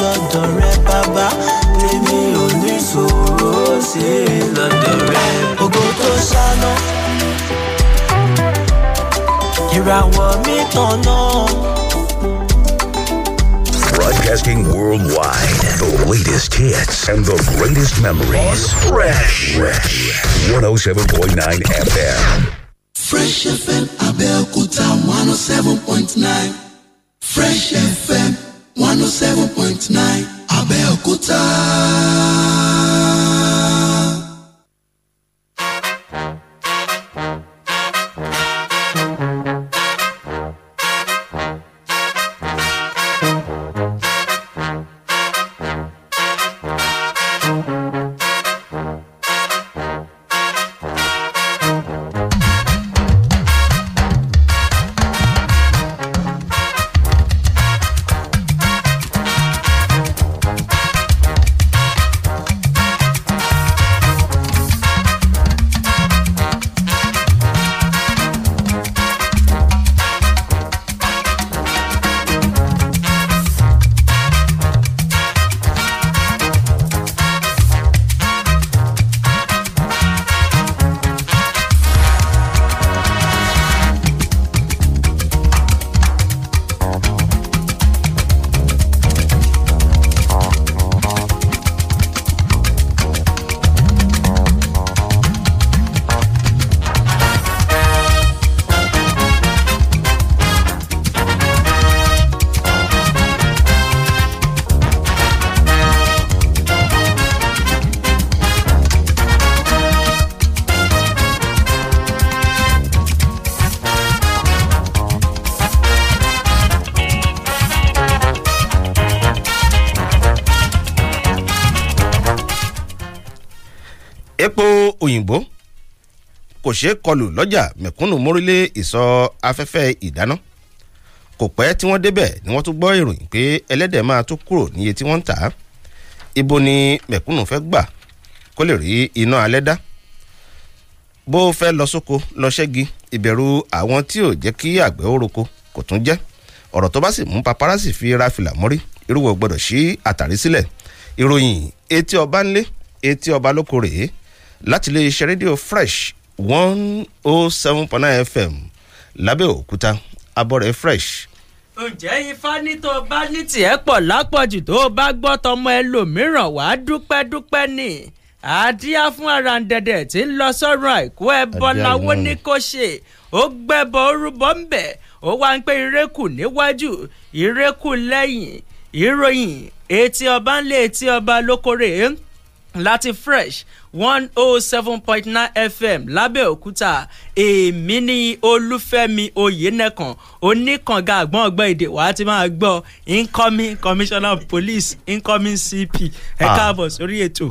lọ́dọ̀ rẹ bàbá tèmi ò ní ṣòro sí lọ́dọ̀ rẹ. ògo tó ṣáná ìràwọ̀ mi Broadcasting worldwide, the latest hits and the greatest memories. Fresh, Fresh, 107.9 FM. Fresh FM Kuta 107.9. Fresh FM one oh seven point nine Abẹ́òkúta. epo òyìnbó kò ṣeé kọlù lọ́jà mẹ̀kúnnù mórílé ìsọ̀ afẹ́fẹ́ ìdáná kò pẹ́ tí wọ́n débẹ̀ ni wọ́n tún gbọ́ ìròyìn pé ẹlẹ́dẹ̀ máa tún kúrò níye tí wọ́n ń tà á ibo ni mẹ̀kúnnù fẹ́ gbà kó lè rí iná alẹ́ dá bó fẹ́ lọ sóko lọ ṣẹ́gi ìbẹ̀rù àwọn tí ò jẹ́ kí àgbẹ̀ ó roko kò tún jẹ́ ọ̀rọ̀ tó bá sì mú paparazzi fi ra mọ́rí irúwọ̀ gbọ́dọ̀ sí àtàrí sílẹ̀ ìròyìn etí ọba ńlé etí ọba lóko rèé láti iléeṣẹ́ rédíò fresh one oh seven point nine fm lábẹ́òkúta abọ́rẹ̀ fresh ǹjẹ́ ifá ní tó bá ní tiẹ̀ pọ̀ lápọ̀jù tó bá gbọ́ tọmọ ẹlòmíràn wá dúpẹ́ dúpẹ́ ni àdíá fún arandẹ̀dẹ̀ tí ń lọ sọ́run àìkú ẹbọ lawó ní kò ṣe ó gbẹ́bọ orúbọ ń bẹ̀ ó wá ń pé irékù níwájú irékù lẹ́yìn ìròyìn etí ọba ń lé etí ọba lókòrè ń láti fresh one oh seven point nine fm lábẹ́òkúta èmi ní olúfẹ́mi oyènẹ́kan oníkànga àgbọ̀n ọgbọ́n èdè wàá ti máa gbọ́ incoming commissioner of police incoming cp ẹ ah. káàbọ̀ sórí ètò.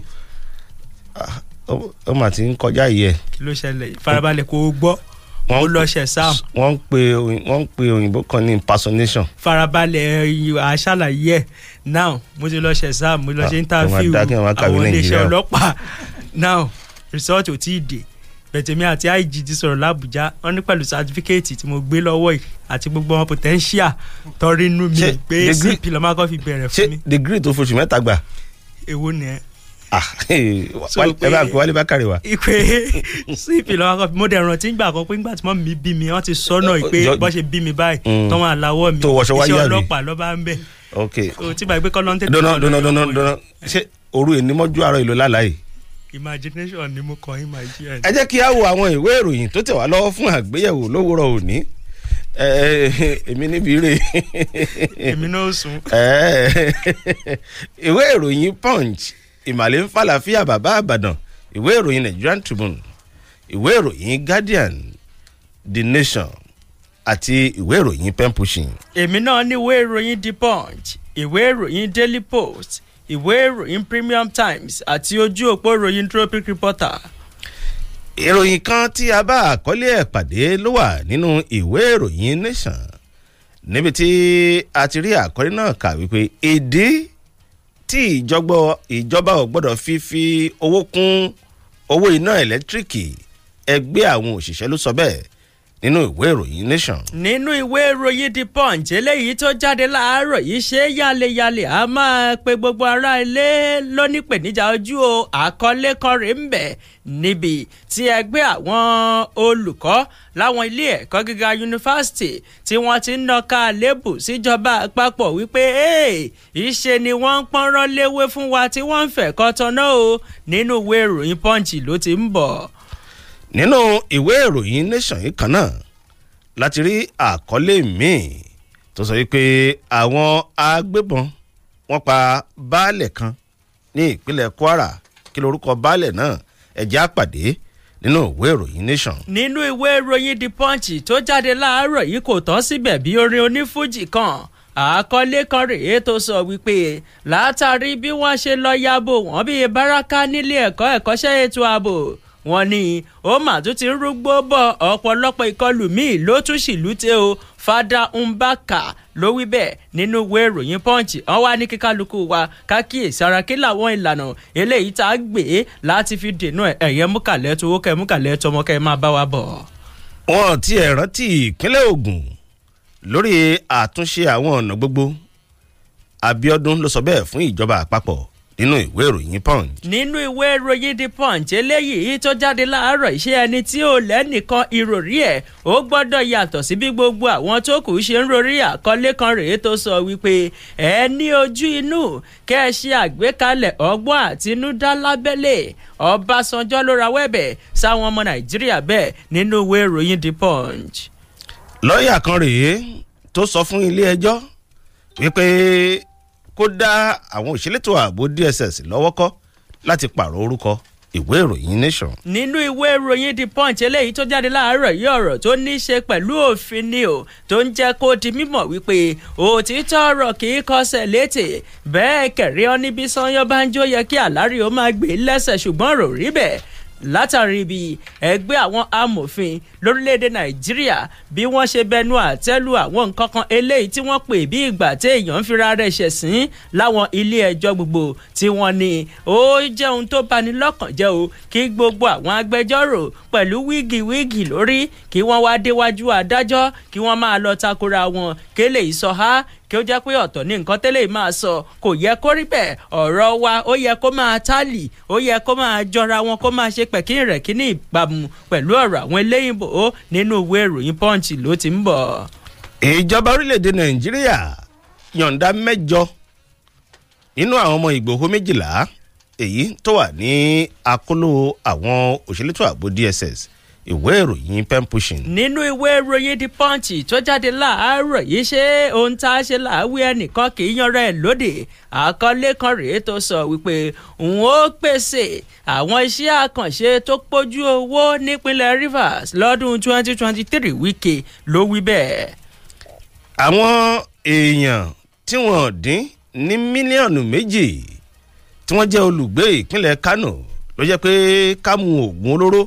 Ah, ó mà ti ń kọjá yìí ẹ. kí ló ṣẹlẹ̀ ìfarabalẹ̀ kò gbọ́ wọ́n lọ́ṣẹ̀ sam. wọ́n ń pe wọ́n ń pe òyìnbó kan ní impersonation. farabalẹ̀ aṣàlàyé now mo ti lọ́ṣẹ̀ sam mo lọ́ṣẹ̀ ah, interview àwọn iléeṣẹ́ ọlọ́pàá now result ò tí ì dé bẹ̀tẹ̀mí àti ig ti sọ̀rọ̀ làbújá wọ́n ní pẹ̀lú sátífíkẹ́ẹ̀tì tí mo gbé lọ́wọ́ yìí àti gbogbo wọn potential tọrí mi pé cp lọ́mọ́kọ́ fi bẹ̀rẹ̀ fún mi. ṣé degree tó foṣù mẹ́ta gbà. èwo ni ẹ Ah, eh, ẹ bá gbé wálé bákàrẹ wa. ìpè sí ìpìlọ̀ akọ mo dẹ̀ rántí ńgbà kan pé ńgbà tí wọ́n mi bí mi wọ́n ti sọ́nà ìpè bọ́ ṣe bí mi báyìí tọ́ wọn àláwọ̀ mi iṣẹ́ ọlọ́pàá lọ́ba ń bẹ̀. ok o ti gbàgbé kọ́ lọ́ntẹ́. dọ́nà dọ́nà dọ́nà dọ́nà ṣé òru èní mọ́jú àárọ̀ ìlú lálàyé. imagination ni mo kàn imagine. ẹ jẹ́ kí a wo àwọn ìwé ìròyìn tó tẹ̀ wá lọ́wọ́ fún àgbéyẹ̀wò lówùrọ̀ òní èmi níbi rè èmi náà sùn. ìwé ìròyìn punch ìmàlẹ́ ń fàlàfíà bàbá àbàdàn ìwé ìròyìn Nigerian Tribune ìwé ìròyìn Guardian The Nation àti ìwé ìròyìn pen pushing. èmi náà ní ìwé ìròyìn The Punch ìwé ìròyìn Daily Post ìwé ìròyìn Premium Times àti ojú òpó ìròyìn Tropic Reporter. ìròyìn kan tí a bá àkọlé ẹ̀ pàdé ló wà nínú ìwé ìròyìn Nation níbi tí a ti rí àkọlé náà kà wípé ìdí tí ìjọba ò gbọ́dọ̀ fi fi owó kún owó iná ẹ̀lẹ́tíríkì ẹgbẹ́ àwọn òṣìṣẹ́ ló sọ bẹ́ẹ̀ nínú ìwé ìròyìn nation. nínú ìwé ìròyìn the punch eléyìí tó jáde láàárọ̀ yìí ṣe yáleyàle a máa pe gbogbo ará ilé lónípèníjà ojú o àkọlé kan rèé ń bẹ̀ níbi tí ẹgbẹ́ àwọn olùkọ́ láwọn ilé ẹ̀kọ́ gíga yunifásitì tí wọ́n ti ń nàka lébù síjọba àpapọ̀ wípé ìṣe ni wọ́n ń pọ́nrán léwé fún wa tí wọ́n ń fẹ̀kọ́ tán náà o nínú ìwé ìròyìn punch ló ti ń bọ̀ nínú ìwé ìròyìn nation yìí kan náà láti rí àkọlé míì tó sọ wípé àwọn agbébọn wọ́n pa baálẹ̀ kan ní ìpínlẹ̀ kwara kí lorúkọ baálẹ̀ náà ẹ̀jẹ̀ àpàdé nínú ìwé ìròyìn nation. nínú ìwé ìròyìn the punch tó jáde láàárọ̀ yìí kò tán síbẹ̀ bí orin onífújì kan àkọlé kan rèé tó sọ wípé látàrí bí wọ́n ṣe lọ yabo wọ́n bíi baraka nílé ẹ̀kọ́ ẹ̀kọ́ṣẹ́ ètò ààbò wọ́n ní ó mà tún ti rúgbó bọ̀ ọ̀pọ̀lọpọ̀ ìkọlù míì ló tún ṣìlúte o fada mbaka ló wí bẹ́ẹ̀ nínú ìwé ìròyìn punch wọ́n wá ní kíkálukú wa kákíyèsí ara kí làwọn ìlànà eléyìí tá a gbé e láti fi dènà ẹ̀yẹ múkàlẹ́ tó kẹ́ múkàlẹ́ tọmọkẹ́ máa bá wa bọ̀. wọn ti ẹ̀ rántí ìpínlẹ̀ Ògùn lórí àtúnṣe àwọn ọ̀nà gbogbo Abíọ́dún ló sọ bẹ́ẹ̀ fún ìjọba àpapọ̀ nínú ìwé ìròyìn punch. nínú ìwé ìròyìn the punch eléyìí tó jáde láàárọ̀ iṣẹ́ ẹni tí ò lẹ́nìkan ìròrí ẹ̀ ó gbọ́dọ̀ yàtọ̀ sí bí gbogbo àwọn tó kù ṣe ń rorí àkọlé kan rèé tó sọ wípé ẹ ní ojú inú kẹ́ ẹ ṣe àgbékalẹ̀ ọgbọ́n àtinúdá lábẹ́lẹ̀ ọbásanjọ́ ló rawọ́ ẹ̀bẹ̀ sáwọn ọmọ nàìjíríà bẹ́ẹ̀ nínú ìwé ìròyìn the punch. lọ́ọ̀yà kan rèé tó sọ fún ilé ẹjọ́ wípé kó dá àwọn òṣèlétò ààbò DSS lọ́wọ́ kọ́ láti pààrọ̀ orúkọ ìwé ìròyìn nation. nínú ìwé ìròyìn the punch eléyìí tó jáde láàárọ̀ yìí ọ̀rọ̀ tó ní í ṣe pẹ̀lú òfin ni o tó ń jẹ́ kó di mímọ̀ wípé òtítọ́ ọ̀rọ̀ kì í kọsẹ̀ létè bẹ́ẹ̀ kẹ̀rí ọ níbi sanyo banjo yẹ kí àlárí ó máa gbé lẹ́sẹ̀ ṣùgbọ́n rò rí bẹ́ẹ̀ látàrí ibi ẹgbẹ́ àwọn amòfin lórílẹ̀‐èdè nàìjíríà bí wọ́n ṣe bẹnu àtẹ́lu àwọn nǹkan kan eléyìí tí wọ́n pè bí ìgbà téèyàn ń fira rẹ̀ ṣẹ̀sín láwọn ilé ẹjọ́ gbogbo tí wọ́n ní ó jẹ́ ohun tó bani lọ́kàn jẹ́ o kí gbogbo àwọn agbẹjọ́rò pẹ̀lú wíìgì wíìgì lórí kí wọ́n wá déwájú adájọ́ kí wọ́n máa lọ takora wọn kélé ìsọ̀há kí ó jẹ́ pé ọ̀tọ̀ ní nǹkan tẹ́lẹ̀ máa sọ kò yẹ kó rí bẹ́ẹ̀ ọ̀rọ̀ wa ó yẹ kó máa tálì ó yẹ kó máa jọra wọn kó máa ṣe pẹ̀kín rẹ̀ kí ní ìbámu pẹ̀lú ọ̀rọ̀ àwọn eléyìnbó nínú ìwé ìròyìn punch ló ti ń bọ̀. ìjọba orílẹ̀-èdè nàìjíríà yọ̀ǹda mẹ́jọ nínú àwọn ọmọ ìgbòho méjìlá èyí tó wà ní akóló àwọn òṣèlétò ààbò dss ìwé ìròyìn pen pushing. nínú ìwé ìròyìn the punch tó jáde láàárọ̀ yìí ṣé ohun tá a ṣe láàwí ẹnìkan kì í yanra ẹ̀ lóde àkọlé kan rèé tó sọ wípé n ó pèsè àwọn iṣẹ́ àkànṣe tó pójú owó nípínlẹ̀ rivers lọ́dún 2023 wíkẹ́ ló wí bẹ́ẹ̀. àwọn èèyàn tí wọ́n dín ní mílíọ̀nù méjì tí wọ́n jẹ́ olùgbé ìpínlẹ̀ kánò ló jẹ́ pé kámú oògùn olóró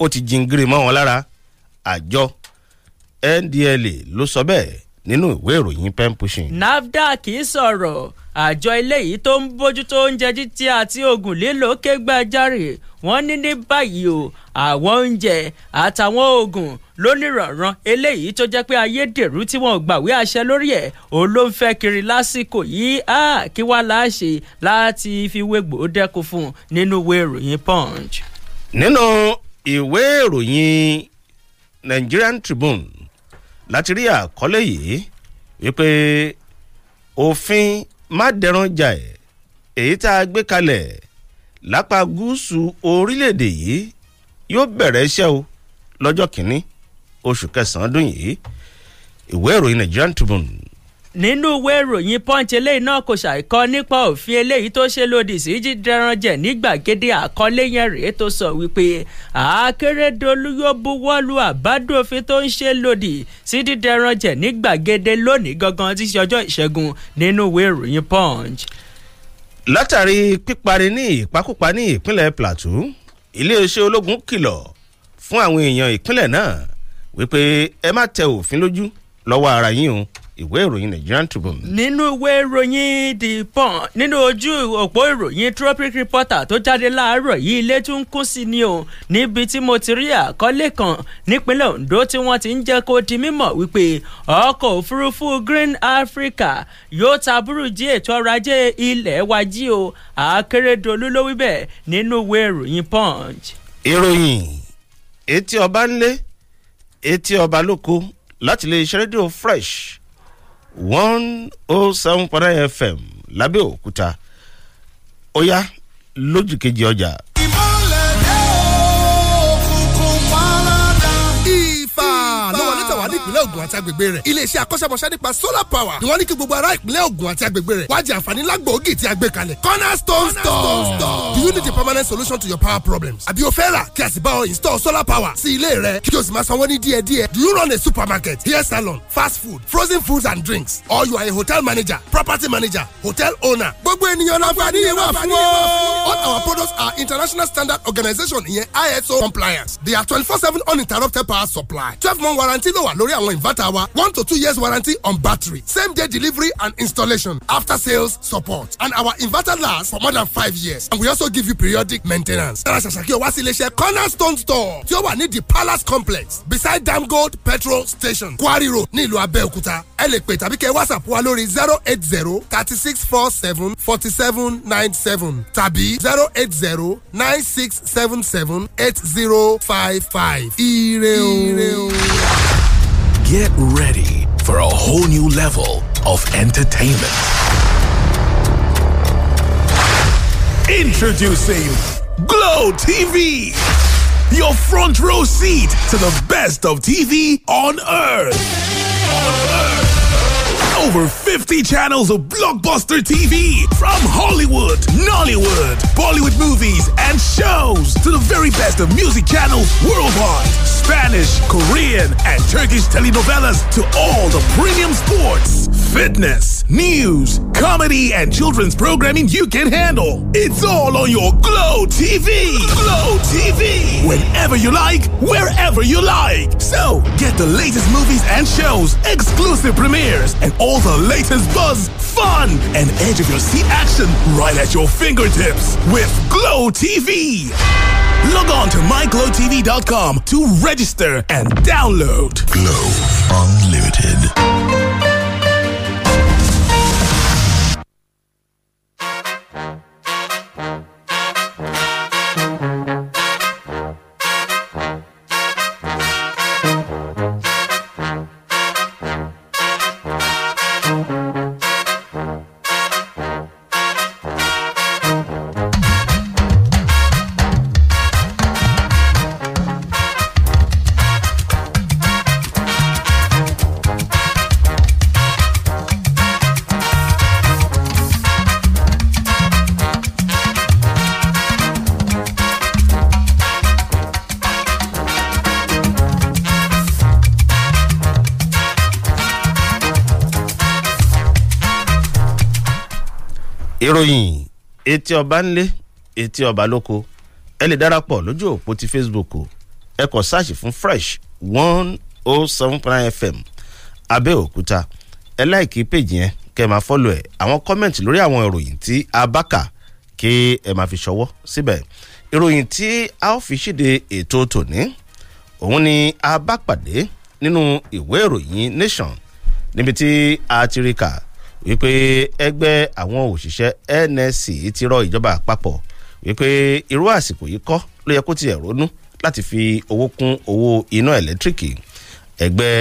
ó ti jingiri mọ́ wọn lára àjọ ndla ló sọ bẹ́ẹ̀ nínú ìwé ìròyìn pen pushing. nafdac sọ̀rọ̀ àjọ eléyìí tó ń bójútó oúnjẹ jíjí àti oògùn lílò kẹgbàjarè wọ́n ní ní báyìí o àwọn oúnjẹ àtàwọn oògùn lónìrànran eléyìí tó jẹ́ pé ayédèrú tí wọ́n gbàwé àṣẹ lórí ẹ̀ òun ló ń fẹ́ kiri lásìkò yìí kí wàá láṣẹ láti fi wégbò dẹ́kun fún un nínú ìwé ìròyìn punch. nínú ìwé ìròyìn Nigerian Tribune láti rí àkọlé yìí wípé òfin mádẹranjà ẹ̀ èyí tá a gbé kalẹ̀ lápá gúúsù orílẹ̀-èdè yìí yóò bẹ̀rẹ̀ iṣẹ́ o lọ́jọ́ kìíní oṣù kẹsàn-án dún yìí ìwé ìròyìn Nigerian Tribune nínú ìwé ìròyìn punch eléyìí náà kò ṣàìkọ nípa òfin eléyìí tó ṣe lòdì sí jíjẹranjẹ ní gbàgede àkọlé yẹn rèé tó sọ wípé àkèrèdọlù yóò buwọ́lu àbádòfin tó ń ṣe lòdì sí jíjẹranjẹ ní gbàgede lónìí gangan tí ṣe ọjọ́ ìṣẹ́gun nínú ìwé ìròyìn punch. látàrí píparí ní ìpakúpa ní ìpínlẹ̀ plateau iléeṣẹ́ ológun kìlọ̀ fún àwọn èèyàn ìpínlẹ̀ náà wípé ẹ má tẹ òfin lójú lọ́wọ́ ara yín o ìwé ìròyìn Nigerian Tribune. nínú ìwé ìròyìn The Punch nínú ojú òpó ìròyìn tropic reporter tó jáde láàárọ̀ yìí ilé tún ń kún sí ni o níbi tí mo ti rí àkọlé kan nípínlẹ̀ Ondo tí wọ́n ti ń jẹ́ kó di mímọ̀ wípé ọkọ̀ òfurufú Green Africa yóò taburú jí ètò ọrọ̀ ajé ilẹ̀ wa jí o Akérédolú ló wí bẹ́ẹ̀ nínú ìwé ìròyìn Punch. ìròyìn etí ọba ńlé etí ọba lóko láti lè ṣe rédíò fresh one oh seven point nine fm lábẹ́òkúta ó yá lójú kejì ọjà. ìmọ̀lẹ́dẹ́ òkùnkùn pálá ìpínlẹ̀ Ògùn àti agbègbè rẹ̀ iléeṣẹ́ akọ́ṣẹ́mọṣẹ́ nípa solar power ni wọ́n ní kí gbogbo ará ìpínlẹ̀ Ògùn àti agbègbè rẹ̀ wájà àǹfààní lágbòógì tí a gbé kalẹ̀ cornerstone store do you need a permanent solution to your power problems àbí o fẹ́ rà kí a sì bá ọ install solar power sí ilé rẹ kí o sì máa sanwó ní díẹ̀díẹ̀ do you run a supermarket hair salon fast food frozen foods and drinks or you are a hotel manager property manager hotel owner gbogbo ènìyàn láǹfààní yẹn wà fún ọ. all our products are international standard organization ISO compliance they are twenty four seven uninterrupted power supply twelve month warranty ló wà lórí àwọn ìv converter wa one to two years warranty on battery same day delivery and installation after sales support and our inverter lasts for more than five years and we also give you periodic maintenance. Tẹ́lá ṣàṣàkí ọwá sí iléeṣẹ́ cornerstone store tí ó wà ní the palace complex beside Dam Gold petrol station quarry road ní ìlú Abẹ́òkúta ẹ lè pè tàbí kẹ́ whatsapp wa lórí zero eight zero thirty six four seven forty seven nine seven tàbí zero eight zero nine six seven seven eight zero five five. Ire o. Ire o. Get ready for a whole new level of entertainment. Introducing Glow TV, your front row seat to the best of TV on earth. over 50 channels of blockbuster TV from Hollywood, Nollywood, Bollywood movies, and shows to the very best of music channels worldwide Spanish, Korean, and Turkish telenovelas to all the premium sports fitness, news, comedy, and children's programming you can handle. It's all on your Glow TV. Glow TV. Whenever you like, wherever you like. So get the latest movies and shows, exclusive premieres, and all the latest buzz, fun, and edge of your seat action right at your fingertips with Glow TV. Log on to myglowtv.com to register and download Glow Unlimited. ìròyìn etí ọba ńlé etí ọba lóko ẹ lè darapọ̀ lójú òpó ti facebook ẹ kọ sáàṣì fún fresh one oh seven point nine fm abẹ́òkúta ẹ láìkí péjì yẹn kẹ́ ẹ máa fọ́lọ̀ ẹ̀ àwọn kọ́mẹ̀ntì lórí àwọn ìròyìn tí a bá kà kí ẹ máa fi ṣọwọ́ síbẹ̀ ìròyìn tí a ó fi ṣíde ètò tòní òun ni a bá pàdé nínú ìwé ìròyìn nation níbi tí a ti rí kà wípé ẹgbẹ́ àwọn òṣìṣẹ́ NSC ti rọ ìjọba àpapọ̀ wípé irú àsìkò yìí kọ́ ló yẹ kó tiẹ̀ ronú láti fi owó kún owó iná ẹ̀lẹ́tíríkì ẹgbẹ́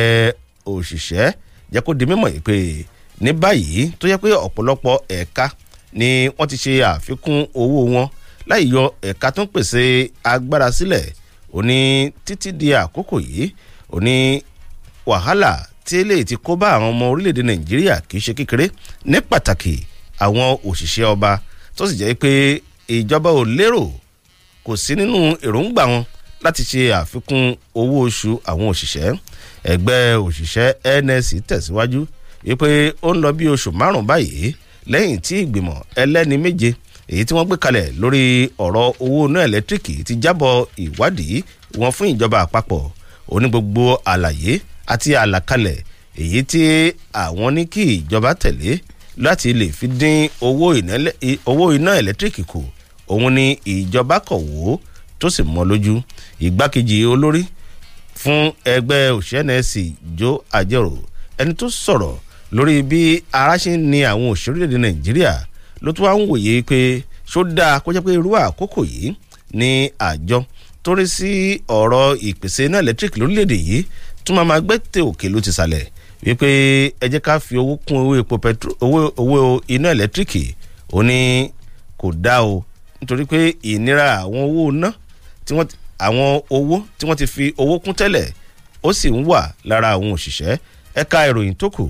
òṣìṣẹ́ jẹ́ kó di mímọ̀ yìí pé ní báyìí tó yẹ pé ọ̀pọ̀lọpọ̀ ẹ̀ka ni wọ́n ti ṣe àfikún owó wọn láì yọ ẹ̀ka tó ń pèsè agbára sílẹ̀ òní títí di àkókò yìí òní wàhálà tí eléyìí ti kó bá àwọn ọmọ orílẹ̀-èdè nàìjíríà kì í ṣe kékeré ní pàtàkì àwọn òṣìṣẹ́ ọba tó sì jẹ́ pé ìjọba ò lérò kò sí nínú èròǹgbà wọn láti ṣe àfikún owó oṣù àwọn òṣìṣẹ́ ẹgbẹ́ òṣìṣẹ́ nsc tẹ̀síwájú wípé ó ń lọ bí oṣù márùn-ún báyìí lẹ́yìn tí ìgbìmọ̀ ẹlẹ́ni méje èyí tí wọ́n gbé kalẹ̀ lórí ọ̀rọ̀ owó iná ẹ̀lẹ́tíríkì ti jábọ̀ ìwádìí wọn fún ìjọba àpapọ̀ ó ní gbogbo àlàyé àti àlàkalẹ̀ èyí tí àwọn ní kí ìjọba tẹ̀lé láti lè fi dín owó iná ẹ̀lẹ́tíríkì kù òun ni ìjọba kọ̀ wò ó tó sì mọ́ lójú ìgbákejì olórí fún ẹgbẹ́ òṣìṣẹ́ nẹ́ẹ̀sì Ajero ẹni tó sọ̀rọ̀ lórí bí ara ṣe ń ni àwọn òṣèré èdè Nàìjíríà ló tún wá ń wòye pé ṣó dáa kó jẹ́ pé irú àkókò yìí ni àjọ tó rí sí ọ̀rọ̀ ìpèsè iná ẹ̀lẹ́tíríkì lórílẹ̀‐èdè yìí tún máa máa gbé tè òkè ló ti sàlẹ̀ wípé ẹ jẹ́ ká fi owó kún owó epo petro owó owó iná ẹ̀lẹ́tíríkì ó ní kò dá o nítorí pé ìnira àwọn owó ná tí wọ́n àwọn owó tí wọ́n ti fi owó kún tẹ́lẹ̀ ó sì ń wà lára àwọn òṣìṣẹ́ ẹ̀ka ìròyìn tó kù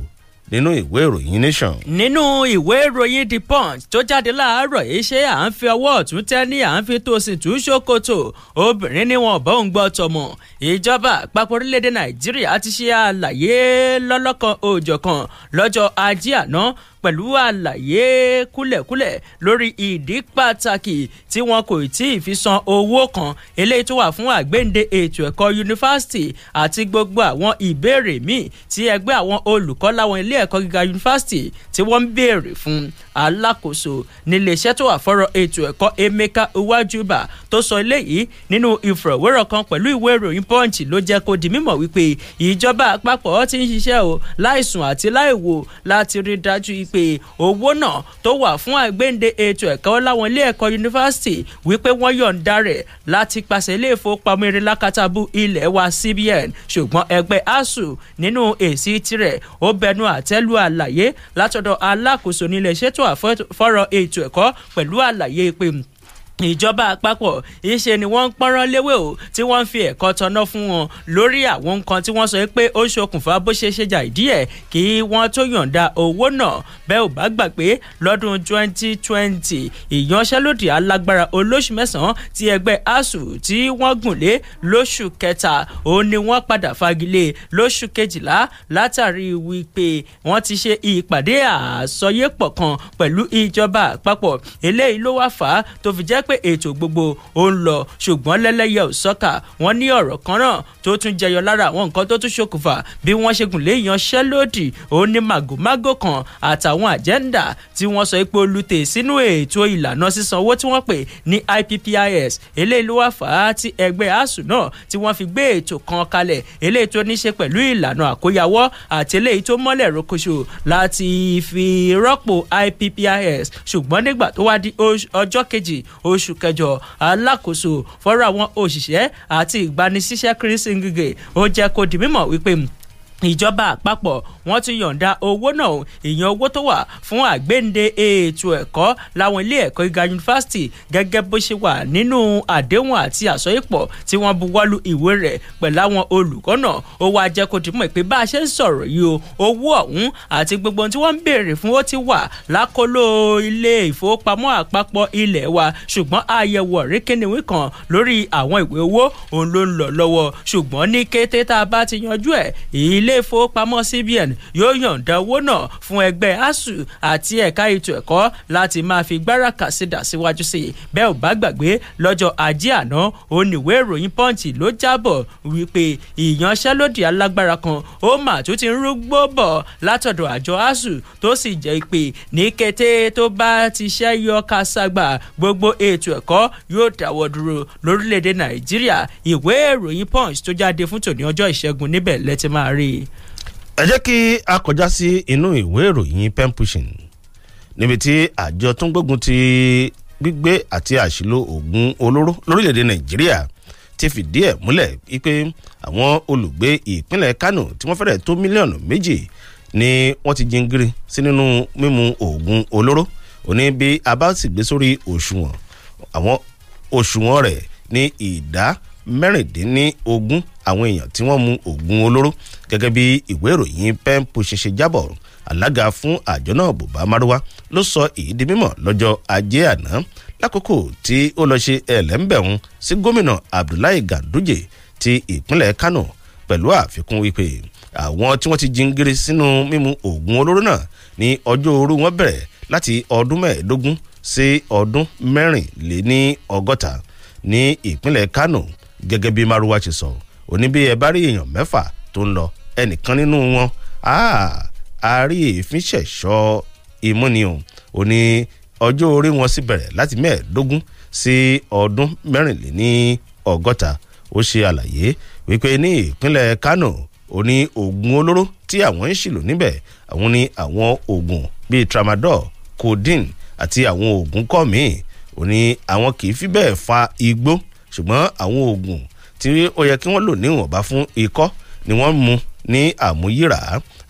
nínú ìwé ìròyìn nation. nínú ìwé ìròyìn the punch tó jáde láàárọ̀ yìí ṣé à ń fi ọwọ́ ọ̀tún tẹ́ ní à ń fi tòsì tún ṣòkòtò obìnrin ni wọn bọ́ ń gbọ́ tọmọ ìjọba àpapọ̀ orílẹ̀-èdè nàìjíríà ti ṣe àlàyé lọ́lọ́kan òòjọ̀kan lọ́jọ́ ajé àná pẹ̀lú àlàyé kúlẹ̀kúlẹ̀ lórí ìdí pàtàkì tí wọn kò tí ì fi san owó kan eléyìí tó wà fún àgbéǹde ètò ẹ̀kọ́ yunifásitì àti gbogbo àwọn ìbéèrè míì tí ẹgbẹ́ àwọn olùkọ́ láwọn ilé ẹ̀kọ́ gíga yunifásitì tí wọ́n ń béèrè fún alákòóso níléeṣẹ́ tó wà fọ́rọ̀ ètò ẹ̀kọ́ emeka iwajuba tó sọ eléyìí nínú ìfọ̀rọ̀wérọ̀ kan pẹ̀lú ìwé ìròyìn punch ló jẹ́ kó di mímọ̀ wípé ìjọba àpapọ̀ ti ń ṣiṣẹ́ o láìsùn àti láìwò láti rí dájú pé owó náà tó wà fún àgbéǹde ètò ẹ̀kọ́ láwọn ilé ẹ̀kọ́ yunifásitì wípé wọ́n yọ̀ǹda rẹ̀ láti pàṣẹ ilé ìfowópamọ́ eré lákàtàbù ilẹ̀ wa cbn ṣùgbọ́n ẹgbẹ́ asu nínú èsì tirẹ̀ ó bẹnu àtẹ́lu àlàyé látọ̀dọ̀ alákòóso nílé ṣètò àfọ́rọ̀ ètò ẹ̀kọ́ pẹ̀lú àlàyé pé ìjọba àpapọ̀ ìṣe ni wọ́n ń pọ́nrán léwé o tí wọ́n ń fi ẹ̀kọ́ tọ́ná fún wọn lórí àwọn nǹkan tí wọ́n sọ pé ó ṣokùnfà bó ṣe ṣe jà ìdí ẹ̀ kí wọ́n tó yọ̀ǹda owó náà bẹ́ẹ̀ ò bá gbà pé lọ́dún 2020 ìyanṣẹ́lódì alágbára olóṣù mẹ́sàn-án ti ẹgbẹ́ asuu tí wọ́n gùn lé lóṣù kẹta òun ni wọ́n padà fagilé lóṣù kejìlá látàrí wípé wọ́n ti ṣe ìpàdé àsọyépọ̀ kan pẹ̀lú ìjọba àpapọ̀ eléyìí ló wá fà á tó fi jẹ́ pé ètò gbogbo ó ń lọ ṣùgbọ́n lẹ́lẹ́yẹ ò sọ́kà wọ́n ní ọ̀rọ̀ kan náà tó tún jẹyọ lára àwọn nǹkan tó tún ṣokùnfà bí wọ́n ṣe gùn lé ìyanṣẹ́lódì ó ní màgòmágó kan àtàwọn àjẹ́ńdà tí wọ́n sọ pé olùtè sínú ètò ìlànà sísan tí wọ́n pè ní IPPIS eléyìí ló wà fà á tí ẹgbẹ́ ASUU náà tí wọ́n fi gbé ètò kan kalẹ̀ eléyìí oṣù kẹjọ alákòóso fọ́rọ̀ àwọn òṣìṣẹ́ àti ìgbanisíṣẹ́ Chris Ngige ó jẹ́ kó di mímọ̀ wípé ìjọba àpapọ̀ wọ́n ti yọ̀ǹda owó náà ìyẹn owó tó wà fún àgbéǹde ètò ẹ̀kọ́ láwọn ilé ẹ̀kọ́ gíga yunifásitì gẹ́gẹ́ bó ṣe wà nínú àdéhùn àti àsọyípọ̀ tí wọ́n buwọ́lu ìwé rẹ̀ pẹ̀lú àwọn olùkọ́ náà ó wá jẹ́ kó ti mọ̀ pé bá a ṣe ń sọ̀rọ̀ yìí o owó ọ̀hún àti gbogbo tí wọ́n ń béèrè fún ó ti wà lákòóló ilé ìfowópamọ́ àpapọ̀ ilé wa ṣùgbọ́n àyẹ̀wò ọ̀rẹ́kẹ́niwé kan lórí àwọn ìwé owó òun ló ń lọ lọ́wọ́ ṣùgbọ́n ní kété tá a bá ti yanjú ẹ̀ ilé ilé ìfowópamọ́ CBN yóò yọ̀ǹda owó náà fún ẹgbẹ́ ASUU àti ẹ̀ka ètò ẹ̀kọ́ láti máa fi gbáràkà sídà síwájú sí i bẹ́ẹ̀ ò bá gbàgbé lọ́jọ́ ajé àná oníwé ìròyìn Punch ló jábọ̀ wípé ìyanṣẹ́lódì alágbára kan ó mà tún ti ń rúgbó bọ̀ látọ̀dọ̀ àjọ ASUU tó sì jẹ́ pé ní kété tó bá ti ṣẹ́ yọ káságbà gbogbo ètò ẹ̀kọ́ yóò dáwọ́ dúró lórílẹ̀‐èdè Nàìjíríà ìwé ìròyìn Punch tó jáde fún tòní ọjọ́ ìṣẹ́gun níbẹ̀ lẹ́tí máa rí i ẹ jẹ́ kí a kọjá sí inú ìwé ìròyìn pen pushing níbi tí àjọ tó ń gbógun ti gbígbé àti àṣìlò oògùn olóró lórílẹ̀‐èdè nàìjíríà ti fìdí ẹ̀ múlẹ̀ wípé àwọn olùgbé ìpínlẹ̀ kánò tí wọ́n fẹ́rẹ̀ tó mílíọ̀nù méjì ni wọ́n ti jingiri sí nínú mímu oògùn olóró òní bí a bá sì gbé sórí òṣùwọ̀n àwọn òṣùwọ̀n rẹ̀ ní ìdá mẹ́rìndínlógún àwọn èèyàn tí wọ́n mu oògùn olóró gẹ́gẹ́ bí ìwé ìròyìn pen pushing ṣe jábọ̀ alága fún àjọ náà bùbá márúwá ló sọ èyí di mímọ̀ lọ́jọ́ ajé àná lákòókò tí ó lọ ṣe ẹlẹ́ńbẹ̀hún sí gómìnà abdullahi ganduje ti ìpínlẹ̀ kano pẹ̀lú àfikún wípé àwọn tí wọ́n ti jingiri sínú mímu oògùn olóró náà ní ọjọ́ orí wọn bẹ̀rẹ̀ láti ọdún mẹ́ẹ̀ẹ́dógún sí ọdún mẹ́rìnléní ọgọ́ta ní ìpínlẹ̀ kano gẹ́gẹ́ bí márúwá ṣe sọ so ó ní bí ẹ bá rí èèyàn mẹ́fà tó ń lọ ẹnìkan nínú wọn ah, a rí èéfín ṣẹ̀ṣọ́ imú ni o ó ní ọjọ́ orí wọn sì bẹ̀rẹ̀ láti mẹ́ẹ̀ẹ́dógún sí ọdún mẹ́rìnléní ọgọ́ta ó ṣe àlàyé wípé ní ìpínlẹ̀ Kano ó ní oògùn olóró tí àwọn ń ṣìlò níbẹ̀ àwọn ní àwọn oògùn bíi tramadol codeine àti àwọn oògùn kọ́ míì àwọn kì í fi bẹ́ẹ̀ fa igbó ṣùgbọ́n àwọn oògùn tí ó yẹ kí wọ́n lò níwọ̀nba fún ikọ́ ni wọ́n mú ní àmúyíra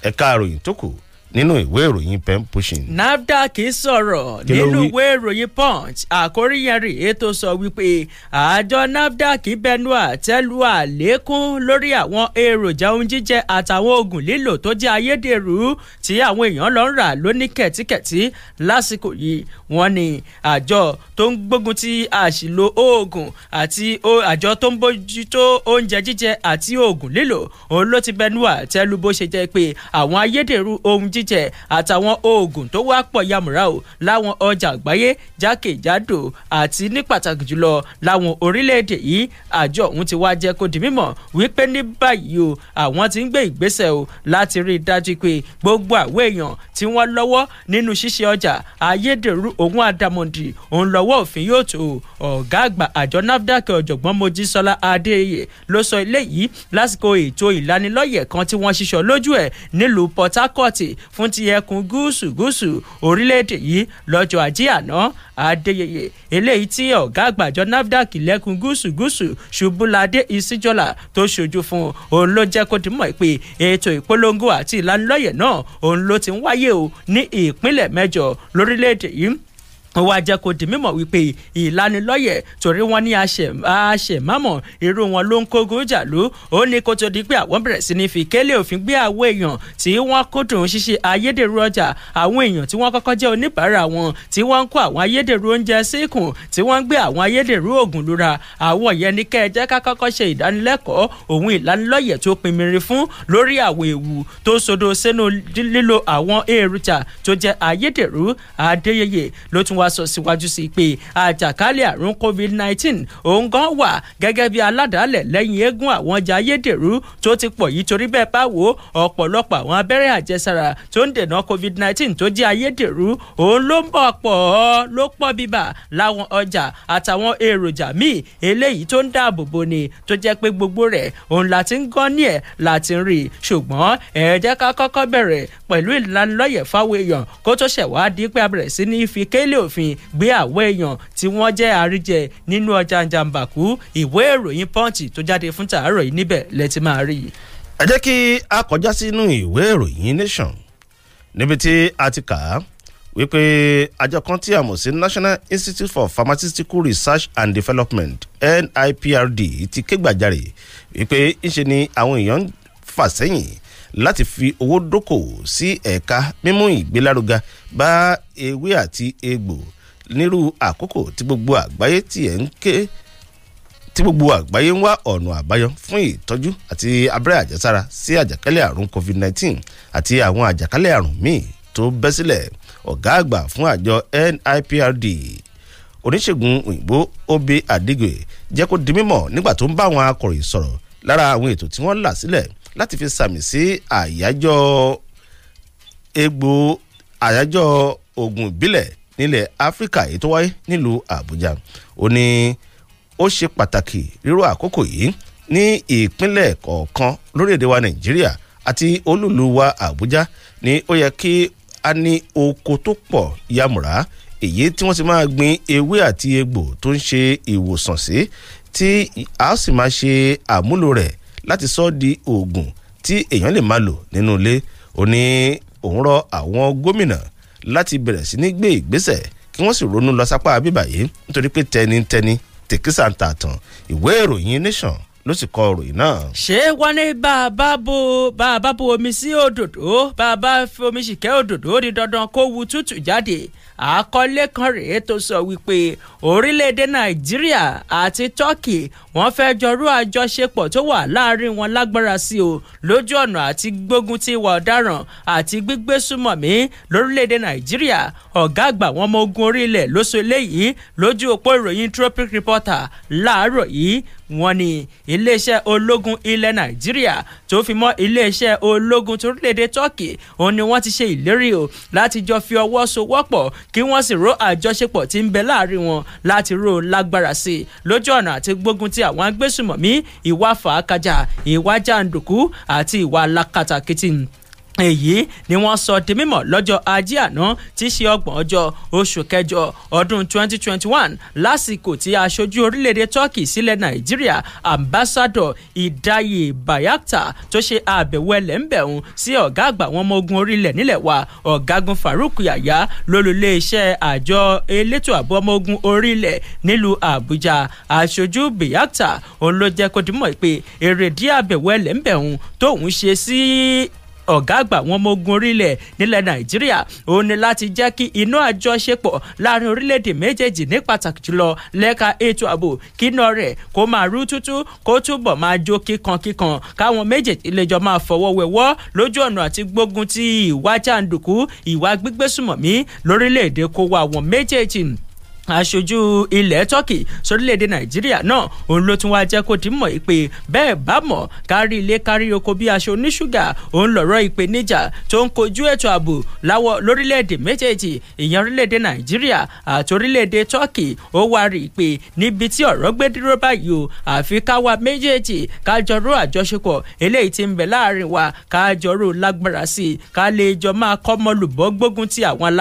ẹ̀ka àròyìn tó kù nínú ìwé ìròyìn pen pushing. nafdac sọ̀rọ̀ nínú ìwé ìròyìn punch àkórí yẹn rí ètò sọ wípé àjọ nafdac bẹnu àtẹ́lu àlékún lórí àwọn èròjà ohun jíjẹ àtàwọn oògùn lílò tó jẹ́ ayédèrú tí àwọn èèyàn lọ ń rà lóní kẹ̀tíkẹ̀tí lásìkò yìí wọ́n ní àjọ tó ń gbógun ti àṣìlò oògùn àti àjọ tó ń bójútó oúnjẹ jíjẹ àti oògùn lílò òun ló ti bẹnu àtẹ́lu bó ṣe jẹ́ pé àwọn ayédèrú ohun jíjẹ jíjẹ àtàwọn oògùn tó wá pọ̀ yamùrá o láwọn ọjà àgbáyé jákèjádò àti ní pàtàkì jùlọ láwọn orílẹ̀-èdè yìí àjọ ọ̀hún ti wá jẹ́ kó di mímọ̀ wípé ní báyìí o àwọn ti ń gbé ìgbésẹ̀ o láti rí i dájú pé gbogbo àwọn èèyàn tí wọ́n lọ́wọ́ nínú ṣíṣe ọjà ayédèrú ohun àdàmọ̀dì òun lọ́wọ́ òfin yóò tó ọ̀gá àgbà àjọ nafdac ọ̀jọ̀gbọ́n mojísọ́lá adéyẹ ló sọ eléyìí lásìkò ètò ìlanilọ́yẹ̀ kan tí wọ́n ṣiṣọ́ lójú ẹ̀ nílùú port harcourt fún ti ẹkùn gúúsù gúúsù orílẹ̀-èdè yìí lọ́jọ́ ajé àná adéyẹyẹ eléyìí tí ọ̀gá àgbà àjọ nafdac lẹ́kùn gúúsù gúúsù ṣubúladé ìsíjọ́là tó ṣojú fún òun ló jẹ́ kó ti mọ̀ pé ètò ìpolongo àti ìlanilọ́yẹ̀ náà òun ló ti ń wáyé o ní ìpínlẹ̀ mẹ́jọ lórílẹ̀-èdè yìí ó wá jẹ́ kó di mímọ̀ wípé ìlanilọ́yẹ̀ torí wọ́n ní àṣẹmámọ̀ irú wọn ló ń kógun jàlú ó ní kó tó di pé àwọn bẹ̀rẹ̀ sí ní fi kélé òfin gbé àwọn èèyàn tí wọ́n kódùn ṣíṣe ayédèrú ọjà àwọn èèyàn tí wọ́n kọ́kọ́ jẹ́ oníbàárà wọn tí wọ́n ń kó àwọn ayédèrú oúnjẹ síkùn tí wọ́n ń gbé àwọn ayédèrú oògùn lura àwọn yẹn ní kẹ́ ẹ jẹ́ ká ṣe ìdánilẹ́kọ̀ọ́ wá sọ síwájú sí pé àjàkálẹ̀ àrùn covid nineteen. òun gan wà gẹ́gẹ́ bí aládàálẹ̀ lẹ́yìn eégún àwọn ọjà ayédèrú tó ti pọ̀ yìí torí bẹ́ẹ̀ bá wò ọ̀pọ̀lọpọ̀ àwọn abẹ́rẹ́ àjẹsára tó ń dènà covid nineteen. tó jẹ́ ayédèrú òun ló ń bọ̀ pọ̀ ọ́ ló pọ̀ bíbà láwọn ọjà àtàwọn èròjà míì eléyìí tó ń dáàbò bo ni tó jẹ́ pé gbogbo rẹ̀ òun láti ń gán ní ẹ̀ láti ń ṣùgbọ́n ẹ ká kọ́kọ́ bẹ̀rẹ̀ pẹ̀lú ìlanilọ́yẹ̀ fáwọn èèyàn kó tó ṣẹ̀wá dípẹ́ abẹ̀rẹ̀ sí ní fi amòfin gbé àwọ̀ èèyàn tí wọ́n jẹ́ àríjẹ nínú ọjà jàǹbàkú ìwé ìròyìn punch tó jáde fún tàárọ̀ yìí níbẹ̀ lẹ máa rí ẹ jẹ́ kí a kọjá sínú ìwé ìròyìn nation níbi tí a ti kà á wípé àjọ kan tí a mọ̀ sí National Institute for Pharmaceutical Research and Development NIPRD ti ké gbàjarè wípé ńṣe ni àwọn èèyàn ń fà sẹ́yìn láti fi owó dókòwò sí ẹ̀ka mímú ìgbélárugà bá ewé àti egbò nírú àkókò tí gbogbo àgbáyé tí ẹ̀ ń ké tí gbogbo àgbáyé ń wá ọ̀nà àbáyọ fún ìtọ́jú àti abẹ́rẹ́ àjẹsára sí àjàkálẹ̀ àrùn covid nineteen àti àwọn àjàkálẹ̀ àrùn míì tó bẹ́ sílẹ̀ ọ̀gá àgbà fún àjọ NIPRD oníṣègùn òyìnbó Obi Adigwe jẹ́ kó di mímọ̀ nígbà tó ń bá àwọn akọ̀ròyìn sọ̀rọ̀ lára àwọn ètò tí wọ́n là sílẹ̀ láti fi sàmì sí àyájọ́ egbò àyájọ́ ogun ìbílẹ̀ nílẹ̀ áfíríkà èyí tó wáyé nílùú àbújá ó ní ó ṣe pàtàkì ríró àkókò yìí ní ìpínlẹ̀ kọ̀ọ̀kan lórílẹ̀‐èdè wa nàìjíríà àti olúùlú wa àbújá ni ó yẹ kí a ní oko tó pọ̀ yamùrá èyí tí wọ́n ti máa gbin ewé àti egbò tó ń ṣe ìwòsàn sí tí a sì máa ṣe àmúlò rẹ̀ láti sọ di oògùn tí èèyàn lè máa lò nínú ilé ó ní òun rọ àwọn gómìnà láti bẹ̀rẹ̀ sí ní gbé ìgbésẹ̀ kí wọ́n sì ronú lọ sápá bíbáyé nítorí pé tẹnitẹni tèkísà ń ta àtàn ìwé ìròyìn nation ló sì kọ ìròyìn náà. ṣé wọ́n ní bá a bá bo bá a bá bo omi sí òdòdó bá a bá fi omi ṣìkẹ́ òdòdó di dandan kó wu tútù jáde àkọlé kan rèé tó sọ wípé orílẹ̀-èdè nàìjíríà àti turkey wọ́n fẹ́ jọrú àjọṣepọ̀ tó wà láàrin wọn lágbára sí o lójú ọ̀nà àti gbógun ti ìwà ọ̀daràn àti gbígbésùmọ̀mí lórílẹ̀-èdè nàìjíríà ọ̀gá àgbà wọn ọmọ ogun orílẹ̀ ló sọ eléyìí lójú òpó ìròyìn tropic reporter láàárọ̀ yìí wọ́n ní iléeṣẹ́ ológun ilẹ̀ nàìjíríà tó fi mọ́ iléeṣẹ́ ológun torílẹ̀-èdè turkey òun ni wọ́n ti ṣe ìlérí o láti jọ fi ọwọ́ sowọ́pọ̀ kí wọ́n sì ró àjọṣepọ̀ tí ń bẹ láàrin wọn láti ró lágbára sí i lójú ọ̀nà àti gbógun ti àwọn agbésùmọ̀mí ìwà fàákàjà ìwà jàǹdùkú àti ìwà lákàtàkìtì èyí ni wọ́n sọ di mímọ̀ lọ́jọ́ ajé àná tí í ṣe ọgbọ̀n ọjọ́ oṣù kẹjọ ọdún 2021 lásìkò tí aṣojú orílẹ̀-èdè turkey sílẹ̀ nàìjíríà ambassador idaye bayakta tó ṣe àbẹ̀wò ẹlẹ́ńbẹ̀hún sí ọ̀gá àgbà àwọn ọmọ ogun orílẹ̀ nílẹ̀ wa ọ̀gágun farouk yaya lólùléeṣẹ́ àjọ elétò ààbò ọmọ ogun orílẹ̀ nílùú àbújá aṣojú bayakta òun ló jẹ́ kó dimọ̀ pé èrèdí àbẹ̀wò ẹlẹ́ńbẹ̀hún tóun ṣe sí ọ̀gá àgbà wọn mọ ogun orílẹ̀ nílẹ̀ nàìjíríà òun ni láti jẹ́ kí inú àjọṣepọ̀ láàrin orílẹ̀-èdè méjèèjì ní pàtàkì jùlọ lẹ́ka ètò ààbò kíná rẹ̀ kó máa rú tútú kó túbọ̀ máa jó kíkankíkan káwọn méjèèjì lè jọ máa fọwọ́ wẹwọ́ lójú ọ̀nà àti gbógun ti ìwà jàǹdùkú ìwà gbígbésùmọ̀mí lórílẹ̀-èdè kó wa àwọn méjèèjì aṣojú ilẹ̀ turkey sórílẹ̀‐èdè nàìjíríà náà òun ló tún wá jẹ́ kó ti mọ̀ pé bẹ́ẹ̀ bá mọ̀ kárí ilé kárí oko bí aṣọ oníṣúgà òun lọ̀rọ̀ ìpèníjà tó ń kojú ètò ààbò láwọ lórílẹ̀‐èdè méjèèjì ìyẹn orílẹ̀ nàìjíríà àti orílẹ̀ turkey ó wá rí i pé níbi tí ọ̀rọ̀ gbé dúró báyìí o àfi káwa méjèèjì kájọrò àjọṣepọ̀ eléyìí ti ń bẹ wa kájọrò lágbára sí i ká lè jọ máa kọ́ mọ́lùbọ́ gbógun ti àwọn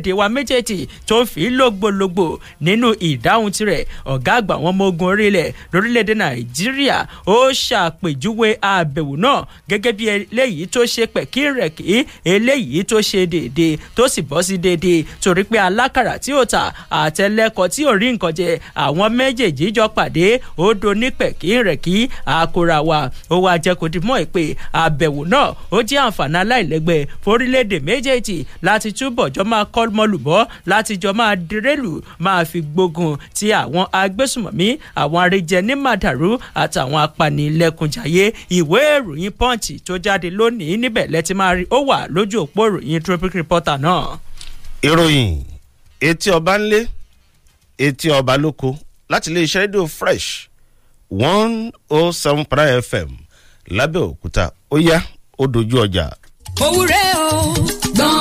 orílẹ̀-èdè wa méjèèjì tó ń fi lógbòlógbò nínú ìdáhùn tirẹ̀ ọ̀gá àgbà àwọn ọmọ ogun orílẹ̀ lórílẹ̀-èdè nàìjíríà ó ṣàpèjúwe àbẹ̀wò náà gẹ́gẹ́ bí eléyìí tó ṣe pẹ̀kí rẹ̀ eléyìí tó ṣe déédé tó sì bọ́ sí déédé torí pé alákàrà tí ó ta àtẹlẹ́kọ tí ò rí nǹkan jẹ àwọn méjèèjì jọ pàdé ó do ní pẹ̀kí àkórà wa ó wá jẹ́ kó di mọ́ ìpè àbẹ̀wò náà ó jẹ́ àǹfààní aláìlẹ́gbẹ́ forílẹ̀-èdè méjèèjì láti túbọ̀ jọ máa kọ́ mọlùmọ́ láti jọ máa dirélù máa fi gbógun ti àwọn agbésùmọ̀mí àwọn arẹjẹ ní màdàrú àtàwọn apanilẹ́kunjayé ìwé ìròyìn punch tó jáde lónìí níbẹ̀ lẹ́tí máa rí ó wà lójú òpó ìròyìn tropic reporter náà. ìròyìn etí ọba ńlé etí ọba lóko láti iléeṣẹ́ rédíò fresh one oh seven prime fm lábẹ́òkúta ó yá ó dojú ọjà. òwúrẹ́ o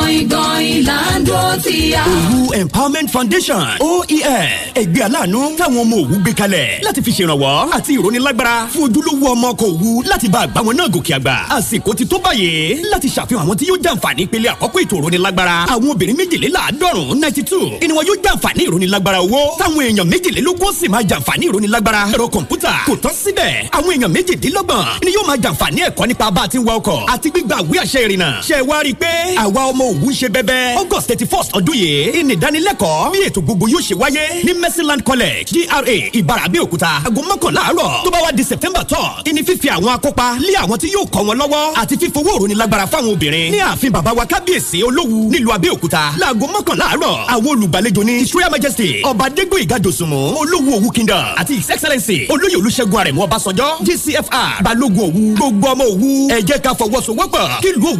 gọ́ingọ́in là ń dúró ti yá. Òwu Empowerment Foundation OEF ẹgbẹ́ aláàánú táwọn ọmọ Òwu gbé kalẹ̀ láti fi ṣèrànwọ́ àti ìrónilágbára fún ojúlówó ọmọ ọkọ̀ Òwu láti bá àgbà wọn náà gòkè àgbà. Àsìkò ti tó báyìí láti ṣàfihàn àwọn tí yóò jàǹfààní ìpele àkọ́kọ́ ètò ìrónilágbára. Àwọn obìnrin méjìléláàádọ́rùn-ún ninety two ni wọn yóò jàǹfààní ìrónilágbára owó. Táwọn èèyàn méjìlélógún sì máa jàǹfààní ìrónilágbára. Ẹ̀rọ kọ̀ǹpútà kò tán síbẹ̀. Àwọn èèyàn méjìdínlọ́gbọ̀n ni yóò máa jàǹfààní ẹ̀kọ́ nípa bá a ti ń wa ọkọ̀ àti gbígba àwé àṣẹ ìrìnnà. Ṣé wá rí i pé àwa ọmọ Òw òwú ṣe bẹ́bẹ́ august thirty first ọdún yìí ní ìdánilẹ́kọ̀ọ́ bí ètò gbogbo yóò ṣe wáyé ní mercyland college gra ìbára abẹ́òkúta aago mọ́kànlá àárọ̀ tó bá wá di september third ìní fífi àwọn akópa lé àwọn tí yóò kọ́ wọn lọ́wọ́ àti fífowó òrùn ní lágbára fáwọn obìnrin ní ààfin bàbá wa kábíyèsí olówù nílùú abẹ́òkúta láago mọ́kànlá àárọ̀ àwọn olùgbàlejò ní his majesty ọba dégò ìgàdòsùnmọ́ olówù òwú kingdom àti his excellency olóyè olùṣègùn àrẹ̀mọ ọbásanjọ́ gcfr balógun òwú gbogbo ọmọ òwú ẹ jẹ́ ká fọwọ́sowọ́pọ̀ kílùú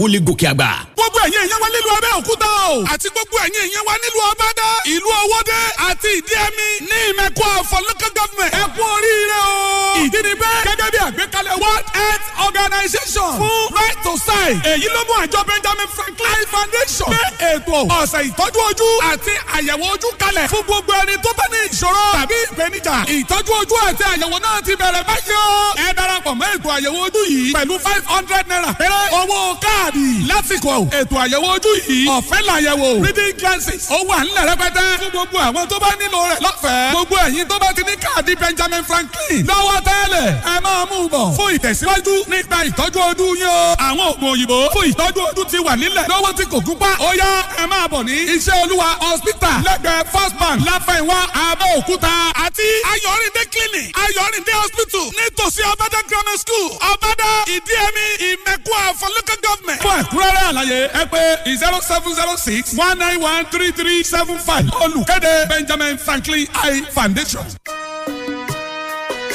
nílùú Abẹ́òkúta o àti gbogbo ẹ̀yin èèyàn wa nílùú Abada ìlú Ọwọ́dé àti Ìdíẹ̀mí ní ìmẹ̀kọ àfọ̀ local government ẹ kú oríire o ìdí ni bẹ́ẹ̀ gẹ́gẹ́ bí àgbékalẹ̀ world health organization fún right to sign èyí ló mú àjọ Benjamin Franklin foundation gbé ètò ọ̀sẹ̀ ìtọ́jú ojú àti àyẹ̀wò ojú kalẹ̀ fún gbogbo ẹni tó bá ní ìṣòro tàbí ìpèníjà ìtọ́jú ojú àti àyẹ̀wò náà ti bẹ̀rẹ̀ báyìí o ẹ darapọ̀ mọ́ ètò àyẹ̀wò ojú yìí pẹ̀lú five hundred naira péré owó káàdì lásìkò ètò àyẹ̀wò ojú yìí ọ̀fẹ́ làyẹ̀wò reading glasses ó wà nílẹ̀ rẹpẹtẹ fún gbogbo àwọn tó bá nílò rẹ̀ lọ́fẹ̀ẹ́ gbogbo ẹ̀yin tó bá ti ní káàdì Benjamin Franklin lọ́wọ́ tẹ́lẹ̀ ẹ máa mú bọ̀ fún ìtẹ̀síwájú nípa ìtọ́jú ojú yín o. àwọn oògùn òyìnbó fún ìtọ́jú ojú ti wà nílẹ̀ lọ́wọ́ tí kò gúnpá. ó yá ẹ máa bọ̀ ní iṣẹ́ olúwa hospital lẹ́gbẹ̀ẹ́ first bank láfẹ̀wá abẹ́òkúta àti ayọ̀rìndé clinic ayọ̀rìndé hospital nítòsí ọbàdàn grammar school ọbàdàn ìdíyẹmí ìmẹ̀kú àfọ̀n local government. fún ẹ̀kúrẹ́rẹ́ àlàyé ẹ pé zero seven zero six one nine one three three seven five olùkéde benjamin franklin i foundation.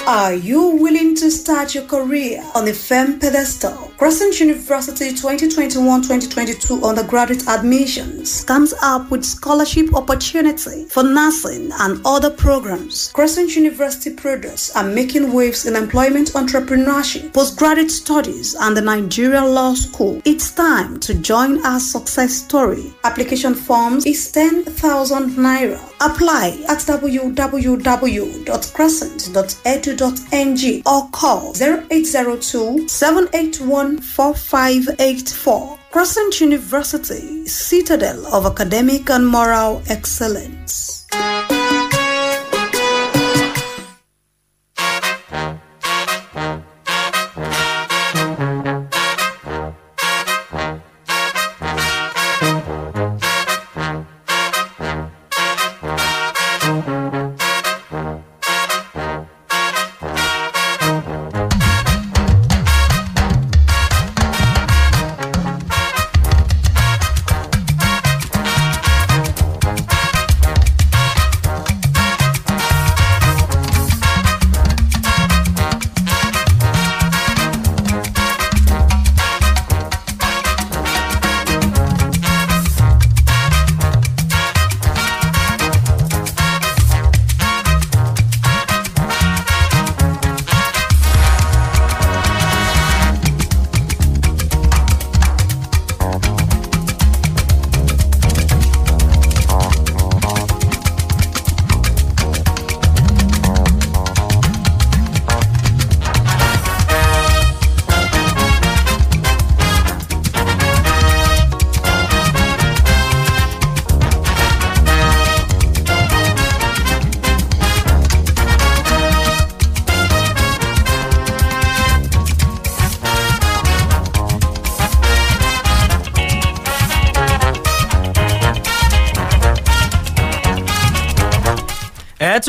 Are you willing to start your career on a firm pedestal? Crescent University 2021-2022 undergraduate admissions comes up with scholarship opportunity for nursing and other programs. Crescent University products are making waves in employment entrepreneurship, postgraduate studies, and the Nigeria Law School. It's time to join our success story. Application forms is 10,000 naira. Apply at www.crescent.edu radio.ng or call 0802 781 4584. Crescent University, citadel of academic and moral excellence.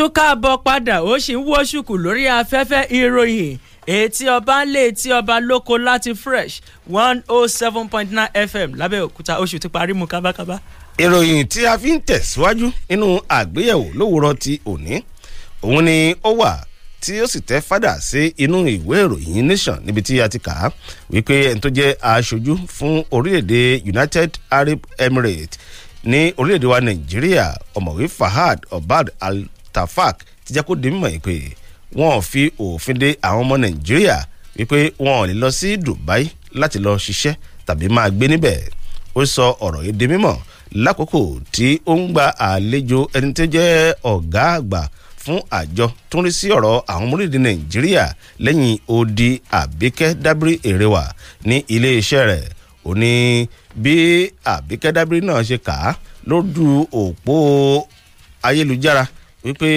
tún káàbọ̀ padà ó sì ń wọ́ṣùkù lórí afẹ́fẹ́ ìròyìn etí ọba ń lé ọba lóko láti fresh one oh seven point nine fm lábẹ́òkúta oṣù ti parí mu kábákábá. ìròyìn tí a fi ń tẹ̀síwájú nínú àgbéyẹ̀wò lówùrọ̀ ti òní òun ni ó wà tí ó sì tẹ́ fádà sí inú ìwé ìròyìn nation níbi tí a ti kà á wípé ẹni tó jẹ́ aṣojú fún orílẹ̀-èdè united arab emirates ní orílẹ̀-èdè wa nàìjíríà ọ̀mọ̀wé fahad obad al tafak ti jẹ́ kó di mímọ̀ yìí pé wọ́n fi òfin de àwọn ọmọ nàìjíríà wípé wọn lè lọ sí dubai láti lọ ṣiṣẹ́ tàbí máa gbé níbẹ̀ ó sọ ọ̀rọ̀ yìí di mímọ̀ lákòókò tí ó ń gba àlejò ẹni tó jẹ́ ọ̀gá àgbà fún àjọ tó ń rí sí ọ̀rọ̀ àwọn orílẹ̀-èdè nàìjíríà lẹ́yìn odi àbíkẹ́ dábírí èrèwà ní iléeṣẹ́ rẹ̀ ó ní bí àbíkẹ́ dábírí náà ṣe kà á lójú òpó ayélujára wípé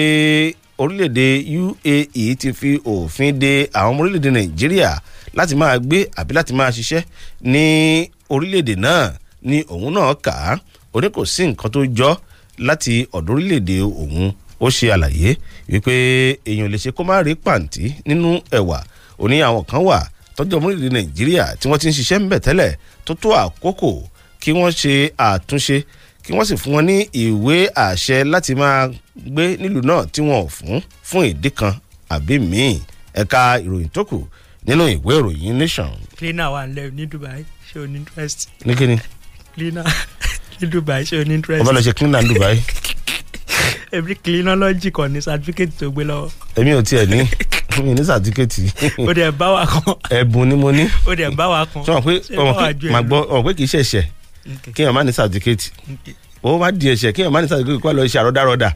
orílẹ̀-èdè UAE ti fi òfin de àwọn ọmọ orílẹ̀-èdè Nàìjíríà láti máa gbé àbí láti máa ṣiṣẹ́ ní orílẹ̀-èdè náà ni òun náà kà á ó ní kò sí nǹkan tó jọ láti ọ̀dọ̀ orílẹ̀-èdè òun ó ṣe àlàyé wípé èèyàn lè ṣe kó má rí pàǹtí nínú ẹ̀wà ó ní àwọn kan wà tọ́jú ọmọ orílẹ̀-èdè Nàìjíríà tí wọ́n ti ń ṣiṣẹ́ ń bẹ̀ tẹ́lẹ̀ tó tó àkókò kí wọ́n ṣe àtúnṣe kí wọ́n sì fún wọn ní ìwé àṣẹ láti máa gbé nílùú náà tí wọn ò fún fún ìdí kan àbí míì ẹ̀ka ìròyìn tó kù nínú ìwé ìròyìn nation. cleaner wà nílẹ̀ ní Dubai ṣé o ní interest. ní kíni. cleaner ní Dubai ṣé o ní interest. ọba lọ ṣe cleaner ní Dubai. èmi cleanology kan ní certificate tó gbé lọ́wọ́. èmi ò tiẹ̀ ní mi ní sàtíkẹ́tì. o dẹ̀ bá wa kan. ẹ̀bùn ni mo ní. o dẹ̀ bá wa kan. sọ wọn pé ọ̀hún pé kì í ṣẹ̀ṣẹ̀ kéèyàn má ní certificate ó wá di ẹ̀ṣẹ̀ kéèyàn má ní certificate kó lọ ṣe àrọ́dàrọ́dà.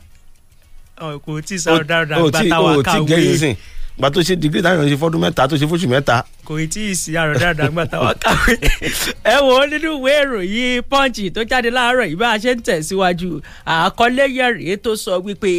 kò tí ì sàrọ́dàrọ́dà gbàtà wà káwé. o ti gẹ́yìn sìn gbà tó ṣe degree táwọn ṣe fọ́dún mẹ́ta tó ṣe fóṣù mẹ́ta kò tí ì sí àrùn dáadáa nígbà kàwé ẹ wò ó nínú ìwé ìròyìn pọ́ǹchì tó jáde láàárọ̀ yìí bá a ṣe ń tẹ̀síwájú àkọlé yẹ̀rì tó sọ wípé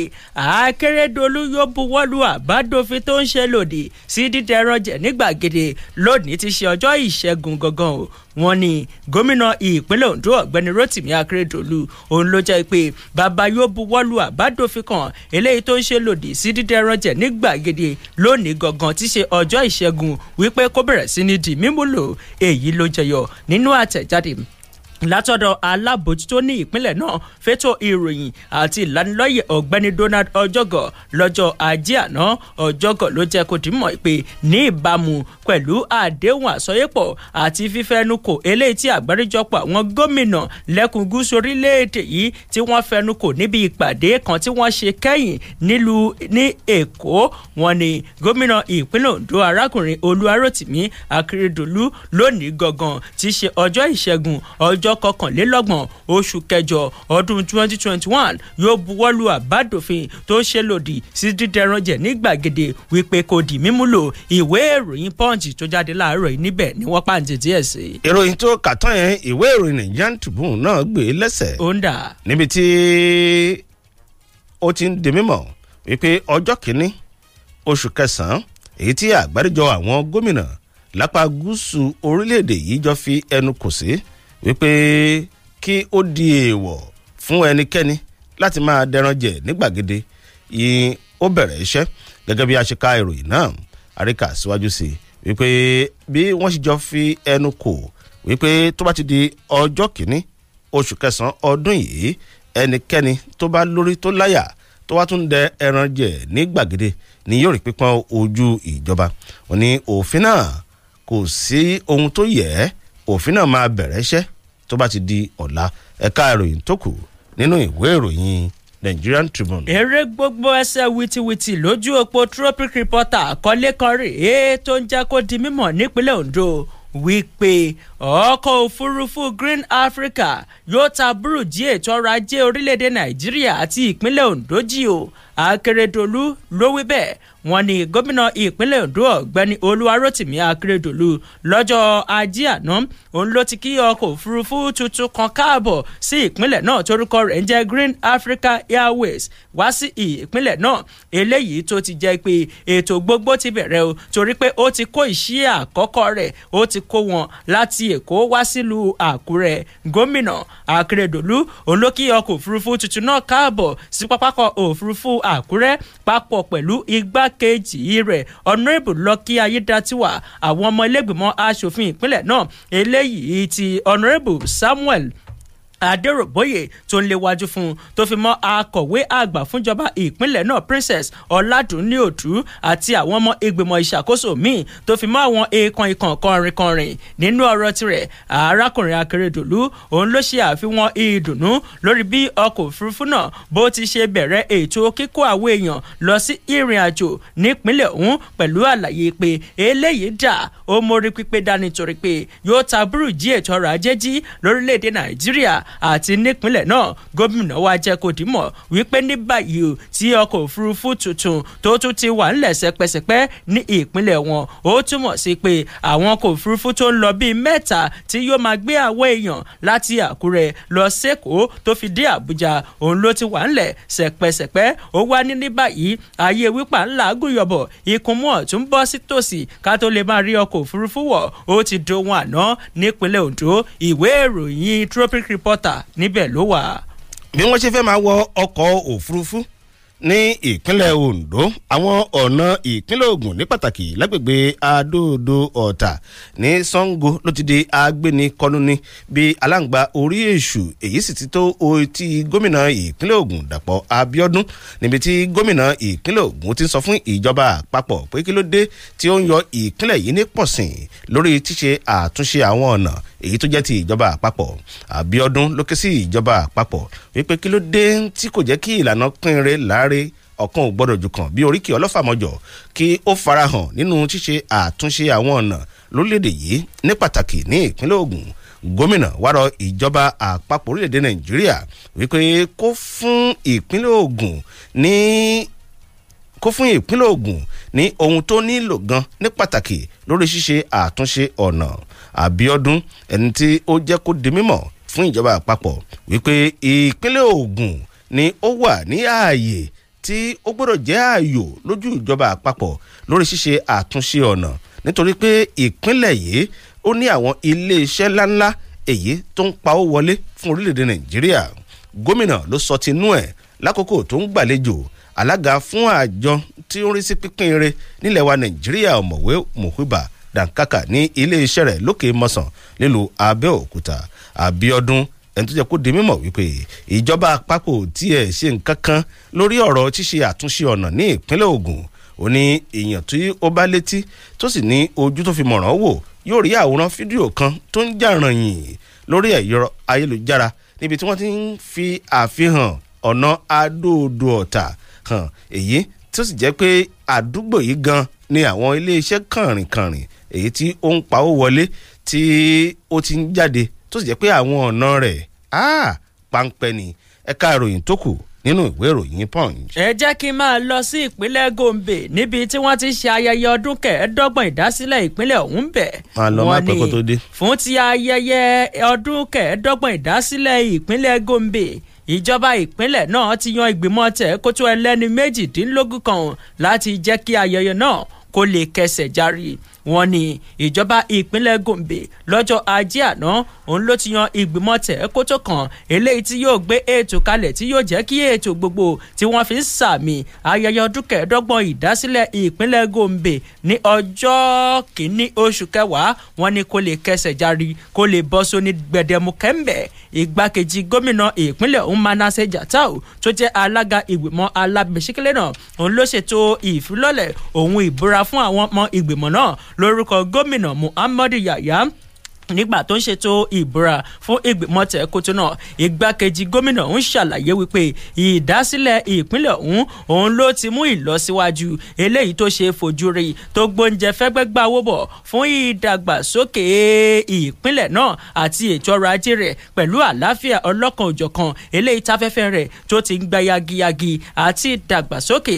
akérèdọ́lù yóò buwọ́lu àbádòfin tó ń ṣe lòdì sí dídẹranjẹ nígbàgede lónìí ti ṣe ọjọ́ ìṣẹ́gun gangan o wọ́n ní gómìnà ìpínlẹ̀ ondo ọ̀gbẹ́ni rotimi akérèdọ́lù òun ló jẹ́ pé bàbá yóò buwọ́lu àbádòfin kan eléyìí tó ń ṣe lòdì sí dídẹranjẹ nígbàgede lónìí gangan ti ṣe ọjọ́ ìṣẹ́gun wípé kó bẹ̀rẹ̀ sí ní di mímúlò èyí ló jẹyọ nínú àtẹ̀jáde látọ̀dọ̀ alábòjútó ní ìpínlẹ̀ náà fétò ìròyìn àti ìlanilọ́yẹ̀ ọ̀gbẹ́ni donald ọjọ́gọ̀ lọ́jọ́ ajé àná ọjọ́gọ̀ ló jẹ́ kó dìímọ̀ pé ní ìbámu pẹ̀lú àdéhùn àsọyépọ̀ àti fífẹnukò eléyìí tí àgbáríjọpọ̀ àwọn gómìnà lẹ́kùn gúúsù orílẹ̀-èdè yìí tí wọ́n fẹnukò níbi ìpàdé kan tí wọ́n ṣe kẹ́yìn nílùú ní èkó wọn ni gómìnà ìpínlẹ̀ ondo arákùnrin olúwarótìmí akérèdọ́lù ọjọ́ kọkànlélọ́gbọ̀n oṣù kẹjọ ọdún 2021 yóò buwọ́lu àbádòfin tó ṣe lòdì sí dídẹran ní gbàgede wípé kò di mímúlò ìwé ìròyìn punch tó jáde láàárọ̀ yìí níbẹ̀ ni wọ́n pàǹtí díẹ̀ sí. ìròyìn tó kà tán yẹn ìwé ìròyìn Nigerian Tribune náà gbé e lẹ́sẹ̀. ó ń dà. níbi tí ó ti ń di mímọ̀ wípé ọjọ́ kìíní oṣù kẹsàn-án èyí tí àgbáríjọ àwọn gómìnà lápá gúúsù orílẹ̀-èdè yìí jọ fi ẹnu kò sí wípé kí ó di èèwọ̀ fún ẹnikẹ́ni láti máa dẹran jẹ ní gbàgede yìí ó bẹ̀rẹ̀ iṣẹ́ gẹ́gẹ́ bí a ṣe ka ìròyìn náà àríkà síwájú sí i wípé bí wọ́n sì jọ fi ẹnu kò wípé tó bá ti di ọjọ́ kìíní oṣù kẹsàn-án ọdún yìí ẹnikẹ́ni tó bá lórí tó láyà tó wá tún dẹ ẹran jẹ ní gbàgede ni yóò rí pípọ́n ojú ìjọba wọ́n ní òfin náà kò sí ohun tó yẹ òfin náà máa bẹ̀rẹ̀ iṣẹ́ tó bá ti di ọ̀la ẹ̀ka ìròyìn tó kù nínú ìwé ìròyìn Nigerian Tribune. eré gbogbo ẹsẹ̀ wìtìwìtì lójú òpó tropic reporter kọ́lé kan rè é tó ń jẹ́ kó di mímọ̀ nípínlẹ̀ Ondo wípé ọkọ̀ òfurufú Green Africa yóò ta burújí ètò ọrọ̀ ajé orílẹ̀-èdè Nàìjíríà àti ìpínlẹ̀ Ondo jí o Akérèdọ́lù ló wí bẹ́ẹ̀ wọ́n ní gómìnà ìpínlẹ̀ ondo ọ̀gbẹ́ni olúwarótìmí akérèdọ́lù lọ́jọ́ ajé àná òun ló ti kí ọkọ̀ òfurufú tuntun kan káàbọ̀ sí ìpínlẹ̀ náà torúkọ rẹ̀ ń jẹ́ green africa airways wá sí ìpínlẹ̀ náà eléyìí tó ti jẹ́ pé ètò gbogbo ti bẹ̀rẹ̀ o torí pé ó ti kó ìṣí àkọ́kọ́ rẹ̀ ó ti kó wọn láti èkó wá sílùú àkúrẹ́ gómìnà akérèdọ́lù òun ló kí ọkọ̀ òfurufú tuntun náà káàbọ̀ sí pápákọ̀ òfurufú àkúrẹ́ papọ̀ pẹ̀lú igbá igbákejì rẹ̀ ọ̀nàrẹ́bù lọ́kí ayédátiwà àwọn ọmọ ilé ìgbìmọ̀ asòfin ìpínlẹ̀ náà eléyìí ti ọ̀nàrẹ́bù samuel adéròbóyè tó ń léwájú fún un tó fi mọ́ akọ̀wé àgbà fúnjọba ìpínlẹ̀ náà princess ọ̀làdúnní òtú àti àwọn ọmọ ìgbìmọ̀ ìṣàkóso míì tó fi mọ́ àwọn èèkàn ìkàn kọrinkọrin nínú ọ̀rọ̀ tirẹ̀ arákùnrin akérèdọ́lù òun ló ṣe àfihàn ìdùnnú lórí bí ọkọ̀ òfurufú náà bó ti ṣe bẹ̀rẹ̀ ètò kíkó àwọn èèyàn lọ sí ìrìn àjò nípínlẹ̀ ọ̀hún pẹ̀lú àlàyé pé eléyìí dà ó mórí pípé dání torí pé yóò ta burújí ètò ọrọ̀ ajé jí lórílẹ̀‐èdè nàìjíríà àti nípínlẹ̀ náà gómìnà wa jẹ́ kó dìímọ̀ wípé ní báyìí tí ọkọ̀ òfurufú tuntun tó tún ti wà ńlẹ̀ sẹpẹsẹpẹ ní ìpínlẹ̀ wọn ó túmọ̀ sí pé àwọn ọkọ̀ òfurufú tó ń lọ bíi mẹ́ta tí yóò máa gbé àwọn èèyàn láti àkúrẹ́ lọ sẹ́kọ̀ọ́ tó fi dé àbújá òun ló ti wà ńlẹ̀ sẹpẹsẹpẹ ó wá ní ní báyìí ayé wípà ńlá gùnyọ̀bọ̀ ikùn mọ́ ọ̀tún bọ́ sí tòsí ká tó lè máa rí ọkọ̀ òfurufú wọ̀ ó ti dohun àná nípínlẹ̀ ondo ìwé ìròyìn tropic report kọ́tà níbẹ̀ ló wà. bí wọ́n ṣe fẹ́ máa wọ ọkọ̀ òfurufú ní ìpínlẹ̀ ondo àwọn ọ̀nà ìpínlẹ̀ ogun ní pàtàkì lágbègbè adóodò ọ̀tà ní sango ló ti di agbénikọ́núni bíi aláǹgbá orí èṣù èyí sì ti tó etí gómìnà ìpínlẹ̀ ogun dàpọ̀ abiodun níbi tí gómìnà ìpínlẹ̀ ogun ti sọ fún ìjọba àpapọ̀ pé kí ló dé tí ó ń yọ ìpínlẹ̀ yìí ní pọ̀sìn lórí tíṣe àtúnṣe àwọn ọ̀nà èyí tó jẹ́ ti ìjọba àpapọ̀ Abíọ́dún ló ké sí ìjọba àpapọ̀ wípé kí ló dé tí kò jẹ́ kí ìlànà pínre láre ọ̀kan ò gbọ́dọ̀ jù kan bí oríkì ọlọ́fàmọ́jọ kí ó farahàn nínú ṣíṣe àtúnṣe àwọn ọ̀nà lórílẹ̀‐èdè yìí ní pàtàkì ní ìpínlẹ̀ Ògùn gómìnà wárọ ìjọba àpapọ̀ orílẹ̀‐èdè Nàìjíríà wípé kó fún ìpínlẹ̀ Ògùn ní kó fún ìpínlẹ̀ Ògùn ní ohun tó nílò gan ní pàtàkì lórí ṣíṣe àtúnṣe ọ̀nà Abiodun ẹni tí ó jẹ́ kó di mímọ̀ fún ìjọba àpapọ̀ wípé ìpínlẹ̀ Ògùn ni ó wà ní ààyè tí ó gbọ́dọ̀ jẹ́ ààyò lójú ìjọba àpapọ̀ lórí ṣíṣe àtúnṣe ọ̀nà nítorí pé ìpínlẹ̀ yìí ó ní àwọn iléeṣẹ́ ńláńlá èyí tó ń pawó wọlé fún orílẹ̀-èdè Nàìjíríà gómìnà ló sọ tinú ẹ̀ lákòókò tó ń gbàlejò alága fún àjọ tí ó ń rí sí pínpín ire nílẹ̀ wa Nàìjíríà ọ̀mọ̀wé Muhiba dàǹkàkà ní iléeṣẹ́ rẹ̀ lókè mọ̀sán nílùú abẹ́òkúta abiodun ẹni tó jẹ́ kó di mímọ̀ wípé ìjọba àpapọ̀ tiẹ̀ ṣe nǹkan kan lórí ọ̀rọ̀ ṣíṣe àtúnṣe ọ̀nà ní ìpínlẹ̀ Ògùn ó ní èèyàn tí ó bá létí tó sì ní ojú tó fi mọ̀ràn wò yóò rí àwòrán fídíò kan tó ń jà ràn yìn lórí ẹ̀yọ ayélujára níbi tí wọ́n ti ń fi àfihàn ọ̀nà adóodò ọ̀tà hàn èyí tó sì jẹ́ pé àdúgbò yìí gan ni àwọn iléeṣẹ́ kànrìnkànrìn èyí tí ó ń pa ó wọlé tí ó ti ń jáde tó sì jẹ́ pé àwọn ọ̀nà rẹ̀ ah, páńpẹ́ ni ẹ̀ka ìròyìn tó kù nínú ìwé ìròyìn punch. ẹ jẹ́ kí n máa lọ sí ìpínlẹ̀ gombe níbi tí wọ́n ti ṣe ayẹyẹ ọdún kẹẹ̀ẹ́dọ́gbọ̀n ìdásílẹ̀ ìpínlẹ̀ ọ̀hún bẹ̀. máa lọ máa pẹ́ kó tó dé. fún ti ayẹyẹ ọdún kẹẹ̀ẹ́dọ́gbọ̀n ìdásílẹ̀ ìpínlẹ̀ gombe ìjọba ìpínlẹ̀ náà ti yan ìgbìmọ̀ tẹ̀ kótó ẹlẹ́ni méjìdínlógún kan láti jẹ́ kí ayẹyẹ náà kó lè kẹsẹ̀ járí wọ́n ní ìjọba ìpínlẹ̀ Gombe lọ́jọ́ ajé àná òun ló ti yan ìgbìmọ̀ tẹ̀ẹ́kótó kan eléyìí tí yóò gbé ètò kalẹ̀ tí yóò jẹ́ kí ètò gbogbo tí wọ́n fi ń sàmì ayẹyẹ ọdún kẹẹ̀ẹ́dọ́gbọ̀n ìdásílẹ̀ ìpínlẹ̀ Gombe ní ọjọ́ kìíní oṣù kẹwàá wọ́n ní kó lè kẹsẹ̀ járí kó lè bọ́ sóní gbẹ̀dẹ̀mukẹ́ńbẹ̀ ìgbákejì gómìnà ìpínlẹ̀ ọ̀hún Manasseh Jatau tó jẹ́ alága ìgbìmọ̀ alábẹ̀ṣíkẹ́lẹ́ náà òun ló ṣètò ìfilọ́lẹ̀ òun ìbúra fún àwọn ọmọ ìgbìmọ̀ náà lórúkọ gómìnà Muhammadu Yahya nígbà tó ń ṣètò ìbúra fún ìgbìmọ̀ tẹ̀ kótó náà igbákejì gómìnà ń ṣàlàyé wípé ìdásílẹ̀ ìpínlẹ̀ ọ̀hún òun ló ti mú ìlọsíwájú eléyìí tó ṣe fojúrí tó gbóúnjẹ fẹ́gbẹ́ gbà owó bọ̀ fún ìdàgbàsókè ìpínlẹ̀ náà àti ètò ọrọ̀ ajé rẹ̀ pẹ̀lú àlàáfíà ọlọ́kan òjọ̀kan eléyìí táfẹ́fẹ́ rẹ̀ tó ti ń gba yagiyagi àti ìdàgbàsókè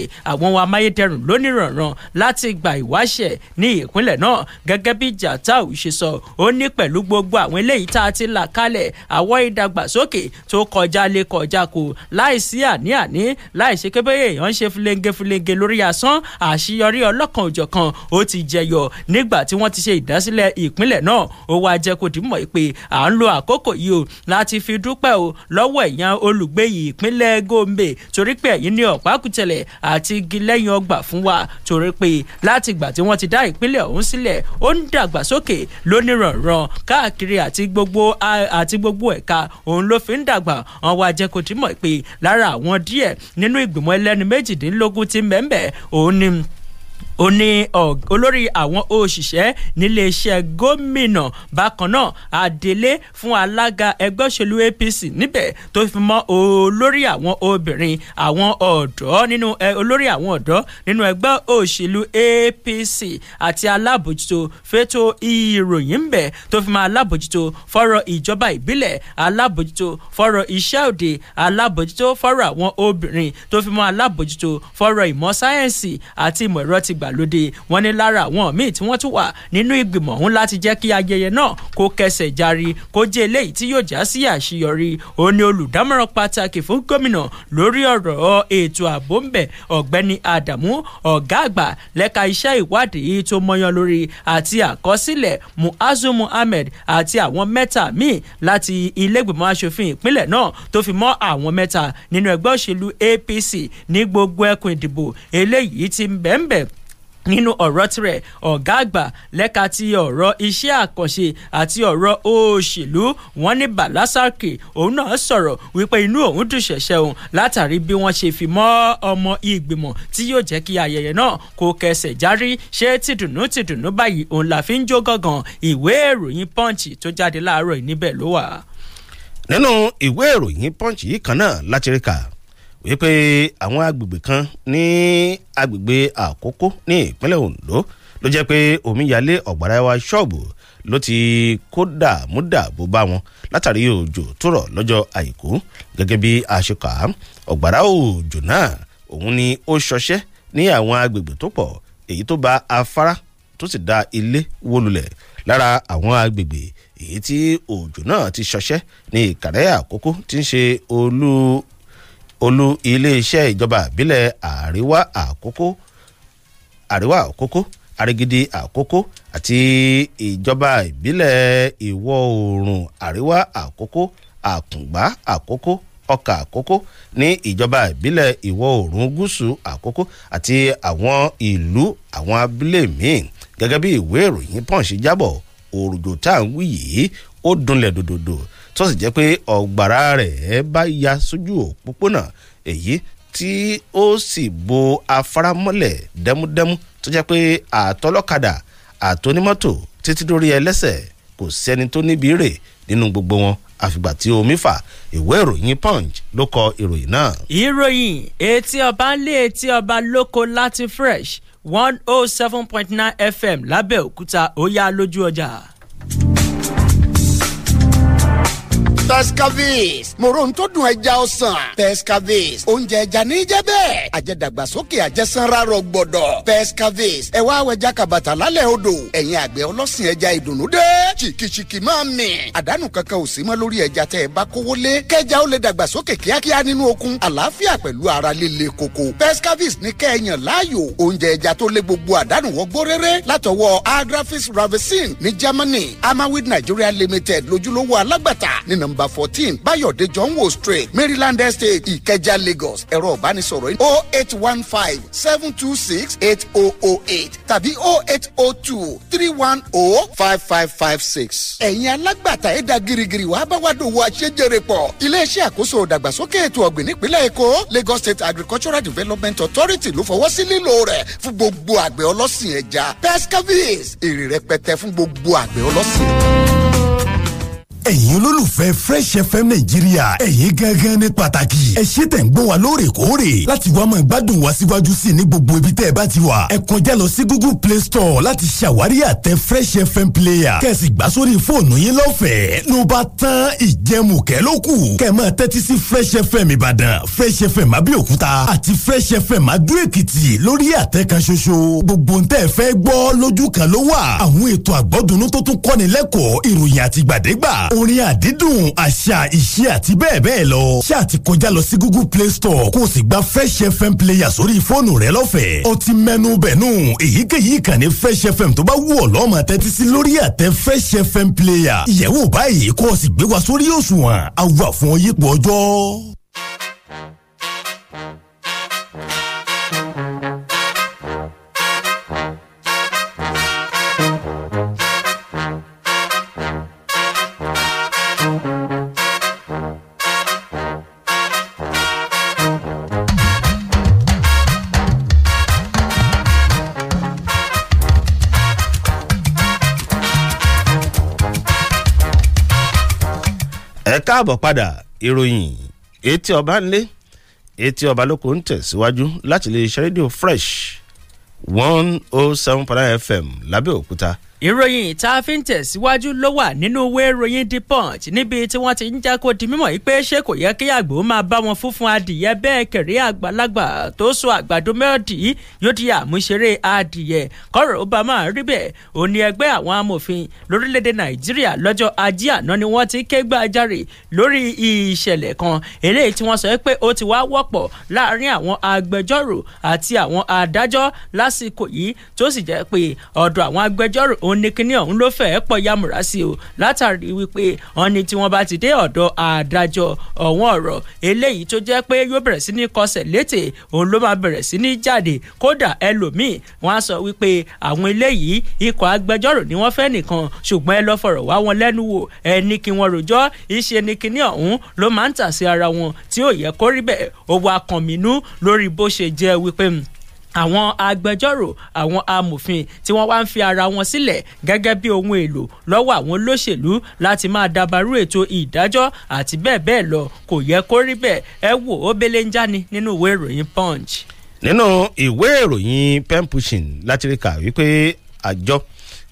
pẹ̀lú gbogbo àwọn eléyìí tá a ti là kalẹ̀ àwọn ìdàgbàsókè tó kọjá lé kọjá kò láìsí àní-àní láìsí pé bẹ́ẹ̀ èèyàn ṣe fúlẹ́ńgẹ́fúlẹ́ńgẹ́ lórí asán àṣeyọrí ọlọ́kan òjọ̀kan ó ti jẹyọ nígbà tí wọ́n ti ṣe ìdásílẹ̀ ìpínlẹ̀ náà ó wá jẹ́ kó dìímọ̀ pé à ń lo àkókò yìí o láti fi dúpẹ́ o lọ́wọ́ èèyàn olùgbé ìpínlẹ̀ gombe torí pé ẹ̀yìn ní ọ̀pákùtẹ̀lẹ̀ àti igi lẹ́yìn ọgbà fún wa torí pé látìgbà tí wọ́n ti dá ìpínlẹ̀ ọ̀hún sílẹ̀ ó ń dàgbàsókè lónìrànràn wọn káàkiri àti gbogbo àti gbogbo ẹ̀ka òun ló fi ń dàgbà wọn wá jẹ́ kó dìmọ̀ pé lára àwọn díẹ̀ nínú ìgbìmọ̀ ẹlẹ́ni méjìdínlógún ti mẹ́mẹ́ òun ni ó ní olórí àwọn òṣìṣẹ́ níléeṣẹ́ gómìnà bákan náà adelé fún alága ẹgbẹ́ òṣèlú apc níbẹ̀ tó fi mọ́ olórí àwọn obìnrin àwọn ọ̀dọ́ nínú olórí àwọn ọ̀dọ́ nínú ẹgbẹ́ òṣèlú apc àti alábòjútó fẹ́tò ìròyìn ńbẹ̀ tó fi mọ́ alábòjútó fọ́rọ̀ ìjọba ìbílẹ̀ alábòjútó fọ́rọ̀ iṣẹ́ òde alábòjútó fọ́rọ̀ àwọn obìnrin tó fi mọ́ alábòjútó fọ́rọ̀ ìmọ̀ sáyẹ́ǹsì àti ìmọ̀ ìgbàlódé wọ́n ní lára àwọn míì tí wọ́n tún wà nínú ìgbìmọ̀ ọ̀hún láti jẹ́ kí ayẹyẹ náà kó kẹsẹ̀ járí kó jẹ́ eléyìí tí yóò já sí àṣeyọrí òun ni olùdámọ̀ràn pàtàkì fún gómìnà lórí ọ̀rọ̀ ètò ààbò ń ọ̀gbẹ́ni Adamu ọ̀gá àgbà lẹ́ka iṣẹ́ ìwádìí tó mọyan lórí àti àkọsílẹ̀ Muazu Muhammed àti àwọn mẹ́ta míì láti ilégbèmọ̀ aṣòfin ìpínlẹ̀ náà tó fi mọ́ àwọn mẹ́ta nínú ẹgbẹ́ òṣèlú APC ní gbogbo ẹkùn ìdìbò eléyìí tí bẹ́ẹ̀ bẹ́ẹ̀ nínú ọ̀rọ̀ tirẹ̀ ọ̀gá àgbà lẹ́ka ti ọ̀rọ̀ iṣẹ́ àkànṣe àti ọ̀rọ̀ òṣèlú wọn ní balasake òun náà sọ̀rọ̀ wípé inú òun dùn ṣẹ̀ṣẹ̀ òun látàrí bí wọ́n ṣe fi mọ́ ọmọ ìgbìmọ̀ tí yóò jẹ́ kí ayẹyẹ náà kó kẹsẹ̀ járí ṣé tìdùnnú tìdùnnú báyìí òun la fi ń jó gángan ìwé ìròyìn punch tó jáde láàárọ̀ níbẹ̀ ló wà. nínú ìwé ìròyìn punch yìí kan náà wípé àwọn agbègbè kan ní agbègbè àkókò ní ìpínlẹ̀ Ondo ló jẹ́ pé omíyalé ọ̀gbàrá wa ṣọ́ọ̀bù ló ti kó dààmú dààbò bá wọn látàrí òjò tó rọ̀ lọ́jọ́ àìkú gẹ́gẹ́ bí àṣekà ọ̀gbàrá òjò náà òun ni ó ṣọṣẹ́ ní àwọn agbègbè tó pọ̀ èyí tó ba afárá tó sì da ilé wó lulẹ̀ lára àwọn agbègbè èyí tí òjò náà ti ṣọṣẹ́ ní ìkàrẹ́ àkókò tí ń ṣe olú olú iléeṣẹ́ ìjọba ìbílẹ̀ àríwá àkókò àríwá àkókò àrígidi àkókò àti ìjọba ìbílẹ̀ ìwọ̀ oòrùn àríwá àkókò àkùngbá àkókò ọkà àkókò ní ìjọba ìbílẹ̀ ìwọ̀ oòrùn gúúsù àkókò àti àwọn ìlú àwọn abúlé míì gẹ́gẹ́ bí ìwé ìròyìn punch jábọ̀ òrùjò tá à ń wí yìí ó dunlẹ̀ dòdòdò tó sì jẹ́ pé ọ̀gbàrá rẹ̀ bá ya sójú òpópónà èyí tí ó sì bo afárá mọ́lẹ̀ dẹ́múdẹ́mú tó jẹ́ pé àtọlọ́kadà àtọnímọ́tò títí dórí ẹlẹ́sẹ̀ kò sẹ́ni tó níbi rè nínú gbogbo wọn àfìgbà tí omi fà ìwé ìròyìn punch ló kọ ìròyìn náà. ìròyìn etí ọba ń lé etí ọba lóko láti fresh one oh seven point nine fm lábẹ́òkúta ó yá lójú ọjà. pescavis mòró ń tó dùn ẹja ọsàn pescavis oúnjẹ ẹja ní jẹ́ bẹ́ẹ̀ àjẹdàgbàsókè àjẹsánra rọ gbọ́dọ̀ pescavis ẹ wá wẹja kàbàtà lálẹ́ odò ẹ̀yin àgbẹ̀ ọlọ́sìn ẹja ìdùnnú dé chìkìchìkì máa mì àdánù kankan ò sí mọ́ lórí ẹja tẹ́ ẹ bá kówó lé kẹja ó lè dàgbàsókè kíákíá nínú okun àlàáfíà pẹ̀lú ara líle koko pescavis ní kẹ́ẹ̀yàn láàyò oúnjẹ ẹja tó lé gbogbo àdánù wọgbó rere látọwọ́ agrafis ravicin ní Germany amawid Nigeria limited lójúlówó alágbàtà ní nàmb Number fourteen Bayọ̀dé Johnwo Street Maryland Estate Ìkẹjà Lagos ẹ̀rọ ìbánisọ̀rọ̀ o oh eight one five seven two six eight o oh o oh eight tàbí o eight o two three one o five five five six. ẹ̀yin alágbàtà ẹ̀dá girigiri wàá bá wá dòwò àṣejèrè pọ̀ iléeṣẹ́ àkóso ìdàgbàsókè ètò ọ̀gbìn nípínlẹ̀ Èkó Lagos State Agricultural Development Authority ló fọwọ́ sí lílo rẹ̀ fún gbogbo àgbẹ̀ ọlọ́sìn ẹja pescavis èrè rẹpẹtẹ fún gbogbo àgbẹ̀ ọlọ́sìn ẹ̀yin olólùfẹ́ Fresh FM Nàìjíríà ẹ̀yin gangan ní pàtàkì ẹ ṣé tẹ̀ ń gbọ́ wa lóòrèkóòrè láti wá máa gbádùn wa síwájú sí i ní gbogbo ibi tẹ́ ẹ bá ti wà ẹ kọjá lọ sí Google Play Store láti ṣàwárí àtẹ Fresh FM player kẹ́sì gbà sórí fóònù yín lọ́fẹ̀ẹ́ ló bá tán ìjẹmùkẹ́ ló kù kẹ́ máa tẹ́tí sí Fresh FM Ìbàdàn Fresh FM Abẹ́òkúta àti Fresh FM Adó-Èkìtì lórí àtẹ kan ṣoṣo gbogbo ntẹ́ fẹ́ gbọ́ lójú kan ló wà àwọn ètò àgbọ́dúnú tó tún kọ́ni lẹ́kọ̀ọ́ orin àdídùn àṣà ìṣe àti bẹ́ẹ̀ bẹ́ẹ̀ lọ. ṣé àti kọjá lọ sí google play store kó o sì gba fresh fm player sórí fóònù rẹ lọ́fẹ̀ẹ́. o ti mẹ́nu bẹ̀nu èyíkéyìí ìkànnì fresh fm tó bá wù ọ́ lọ́mọ tẹ́tí sí lórí àtẹ fresh fm player. ìyẹ̀wò báyìí kó o sì gbé wa sórí òṣùwọ̀n àwa fún ọyẹ́pọ̀ ọjọ́. káàbọ̀ padà ìròyìn etí ọba ńlé etí ọba lóko ń tẹ̀síwájú láti lè ṣe rédíò fresh one oh seven point nine fm lábẹ́òkúta ìròyìn tá a fi ń tẹ̀síwájú ló wà nínú ìwé ìròyìn the punch níbi tí wọ́n ti ń já kó di mímọ̀ yìí pé ṣé kò yẹ kí àgbò máa bá wọn fúnfun adìyẹ bẹ́ẹ̀ kẹ̀rí àgbàlagbà tó so àgbàdo mẹ́ọ̀dì yóò di àmúṣeré adìyẹ kọ́rọ̀ ó bá máa rí bẹ́ẹ̀ òun ni ẹgbẹ́ àwọn amòfin lórílẹ̀‐èdè nàìjíríà lọ́jọ́ ajé àná ni wọ́n ti ké gbàjarè lórí ìṣẹ̀lẹ̀ kan eléyìí tí òun ni kinní ọ̀hún ló fẹ́ẹ́ pọ̀ yàmùrà sí o látàrí wípé wọ́n ní tí wọ́n bá ti dé ọ̀dọ̀ adájọ́ ọ̀wọ́n ọ̀rọ̀ eléyìí tó jẹ́ pé yóò bẹ̀rẹ̀ sí ní kọsẹ̀ létè òun ló máa bẹ̀rẹ̀ sí ní jáde kódà ẹlòmíì wọ́n á sọ wípé àwọn eléyìí ikọ̀ agbẹjọ́rò ni wọ́n fẹ́ nìkan ṣùgbọ́n ẹ lọ fọ̀rọ̀ wá wọn lẹ́nu wò ẹ ní kí wọ́n rojọ́ iṣẹ́ ni kinní ọ̀hún ló máa ń tà sí ara wọn tí ò yẹ kó rí bẹ́ẹ̀ lórí bó ṣe jẹ́ wípé hmm, àwọn agbẹjọ́rò àwọn amòfin tí wọ́n wá ń fi ara wọn sílẹ̀ gẹ́gẹ́ bí ohun èlò lọ́wọ́ àwọn olóṣèlú láti máa dabarú ètò ìdájọ́ àti bẹ́ẹ̀ bẹ́ẹ̀ lọ kò yẹ kó rí bẹ́ẹ̀ ẹ wò ó belé ń jáni nínú ìwé ìròyìn punch. nínú ìwé ìròyìn pen pushing láti rí kà wípé àjọ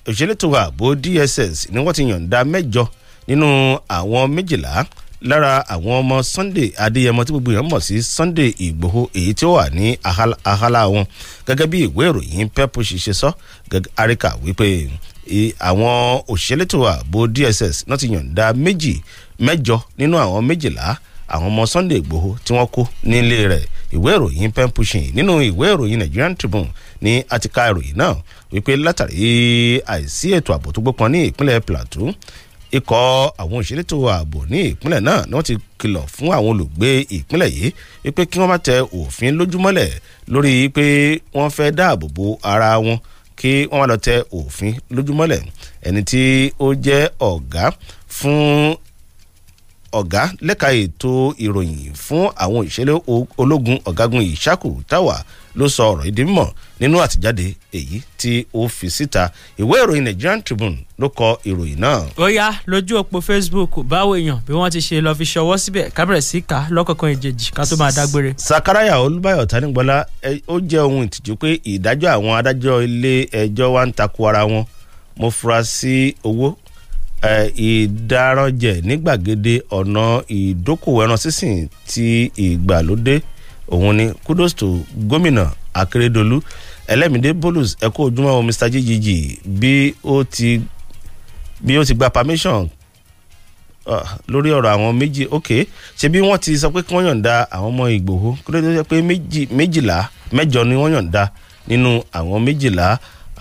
òṣèlétò ààbò dss ni wọ́n ti yọ̀ǹda mẹ́jọ nínú àwọn méjìlá lára àwọn ọmọ Sunday Adéyẹmọ tí gbogbo èèyàn mọ̀ sí Sunday Ìgbòho èyí tí ó wà ní àhálà wọn gẹ́gẹ́ bí ìwé ìròyìn pepush ṣe sọ àríkà wípé àwọn òṣèlétò ààbò DSS náà ti yọ̀ǹda méjì mẹ́jọ nínú àwọn méjìlá àwọn ọmọ Sunday Ìgbòho tí wọ́n kó nílé rẹ̀ ìwé ìròyìn pen pushing nínú ìwé ìròyìn Nigerian Tribune ní àtìká ìròyìn náà wípé látàrí àìsí ètò ààbò tó gbópọn ní ìpínlẹ̀ Plateau ikọ̀ àwọn òṣèlétò ààbò ní ìpínlẹ̀ náà ni wọ́n ti kìlọ̀ fún àwọn olùgbé ìpínlẹ̀ yìí wípé kí wọ́n má tẹ òfin lójúmọ́lẹ̀ lórí pé wọ́n fẹ́ dáàbò bo ara wọn kí wọ́n má lọ tẹ òfin lójúmọ́lẹ̀ ẹni tí ó jẹ́ ọ̀gá fún ọ̀gá lẹ́ka ètò ìròyìn fún àwọn ìṣẹ̀lẹ̀ ológun ọ̀gágun ìṣàkù ló sọ ọ̀rọ̀ ìdí mọ̀ nínú àtijáde èyí tí ó fi síta ìwé ìròyìn Nigerian Tribune ló kọ ìròyìn náà. ó lójú òpó Facebook báwo èèyàn bí wọ́n ti ṣe lọ́ọ́ fi ṣọwọ́ síbẹ̀ kábẹ̀rẹ̀ sí ká lọ́kọ̀ọ̀kan ìjèjì ká tó máa dágbére. Sakaraya Olúbáyọ̀ Tanígbọ́lá ó jẹ́ ohun ìtìjú pé ìdájọ́ àwọn adájọ́ ilé ẹjọ́ wa ń takò ara wọn mo fura sí owó ìdáranjẹ ní ọ̀nà ìdókòwò ẹran sísìn ti ìgbàlódé òun ni kudos to gómìnà akérèdọ́lù ẹlẹ́mìdé bolus ẹ̀kọ́ ojúmọ́ mr jijiji bí O ti bí O ti gba permission uh, lórí ọ̀rọ̀ àwọn méjì ok ṣe bí wọ́n ti sọ pé kí wọ́n yọ̀ǹda àwọn ọmọ ìgbòho kí ló dé tó pé méjìlá mẹ́jọ ni wọ́n yọ̀ǹda nínú àwọn méjìlá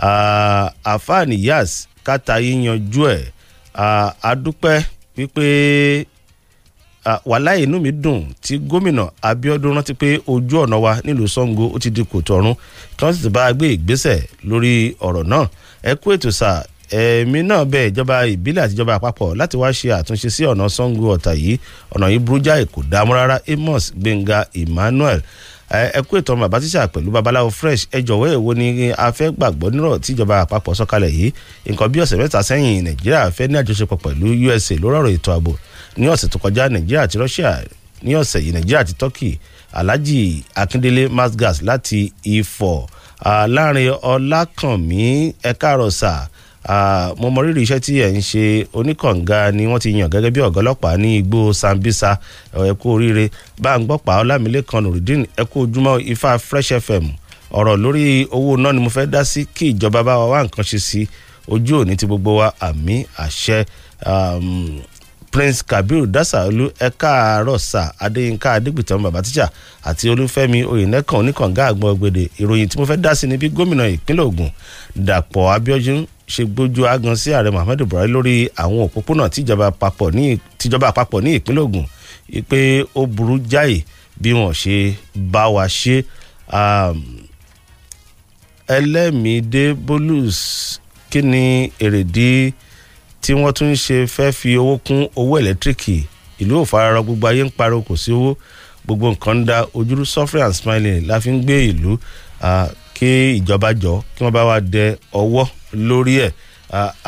ah, àfààní yas káta yíyanjú ẹ̀ adúpẹ́ ah, wípé wàhálà inú mi dùn tí gómìnà Abíọ́dún rántí pé ojú ọ̀nà wa nílùú Ṣàngó ó ti di kòtò ọ̀run kí wọ́n sì ti bá a gbé ìgbésẹ̀ lórí ọ̀rọ̀ náà ẹ kú ètò sà ẹ̀mí náà bẹ ìjọba ìbílẹ̀ àtijọba àpapọ̀ láti wá ṣe àtúnṣe sí ọ̀nà Ṣàngó Ọ̀tà yìí ọ̀nà yìí burú jáì kò rárá Amos Gbénga Emmanuel ẹ kú ètò bàbá tíṣà pẹ̀lú babaláwo fresh ẹ jọ̀wọ́ èwo ni a fẹ́ gbàgbọ́ nírọ̀ tíjọba àpapọ̀ sọ̀kalẹ̀ yìí nǹkan bí ọ̀sẹ̀ mẹ́ta sẹ́yìn nàìjíríà fẹ́ ní àjọṣepọ̀ pẹ̀lú usa lórí ọ̀rọ̀ ètò ààbò ní ọ̀sẹ̀ tó kọjá nàìjíríà àti russia ní ọ̀sẹ̀ yìí nàìjíríà àti turkey alhaji akindele masgas láti ifọ̀ láàrin ọlákànmí ẹ̀kárọ̀sà mo mọ rírì iṣẹ́ tí ẹ̀ ń ṣe oníkànga ni wọ́n ti yàn gẹ́gẹ́ bí ọ̀gá ọlọ́pàá ní igbó Sambisa ẹ kú oríire bá ń gbọ́ pa Ọlámilékan Nurudeen ẹ ojúmọ́ ifá Fresh FM ọ̀rọ̀ lórí owó náà ni mo fẹ́ dá sí kí ìjọba bá wa wá nǹkan ṣe sí ojú òní ti gbogbo wa àmì àṣẹ Prince Kabiru Dasaolu ẹka rọsa Adéyínká Adégbìtàn bàbá tíjà àti Olúfẹ́mi Oyènẹ́kan oníkànga àgbọn ọgbẹdẹ ìròyìn tí mo fẹ́ dá sí ni bí gómìnà ìpínlẹ̀ Ògùn Dàpọ̀ Abíọ́dún ṣe gbójú agan sí ààrẹ muhammadu buhari lórí àwọn òpópónà tíjọba àpapọ̀ ní ìpínlẹ̀ Ògùn pé ó burú jáì bí wọ́n ṣe bá wa ṣe ẹlẹ́mìídé bolus kí ni èrèdí tí wọ́n tún ṣe fẹ́ fi owó kún owó ẹ̀lẹ́tíríkì ìlú òfararọ gbogbo ayé ń pariwo kò sí owó gbogbo nǹkan ń da ojúrú suffering and smiling la fi ń gbé ìlú kí ìjọba jọ kí wọ́n bá wa dẹ ọwọ́ lórí ẹ̀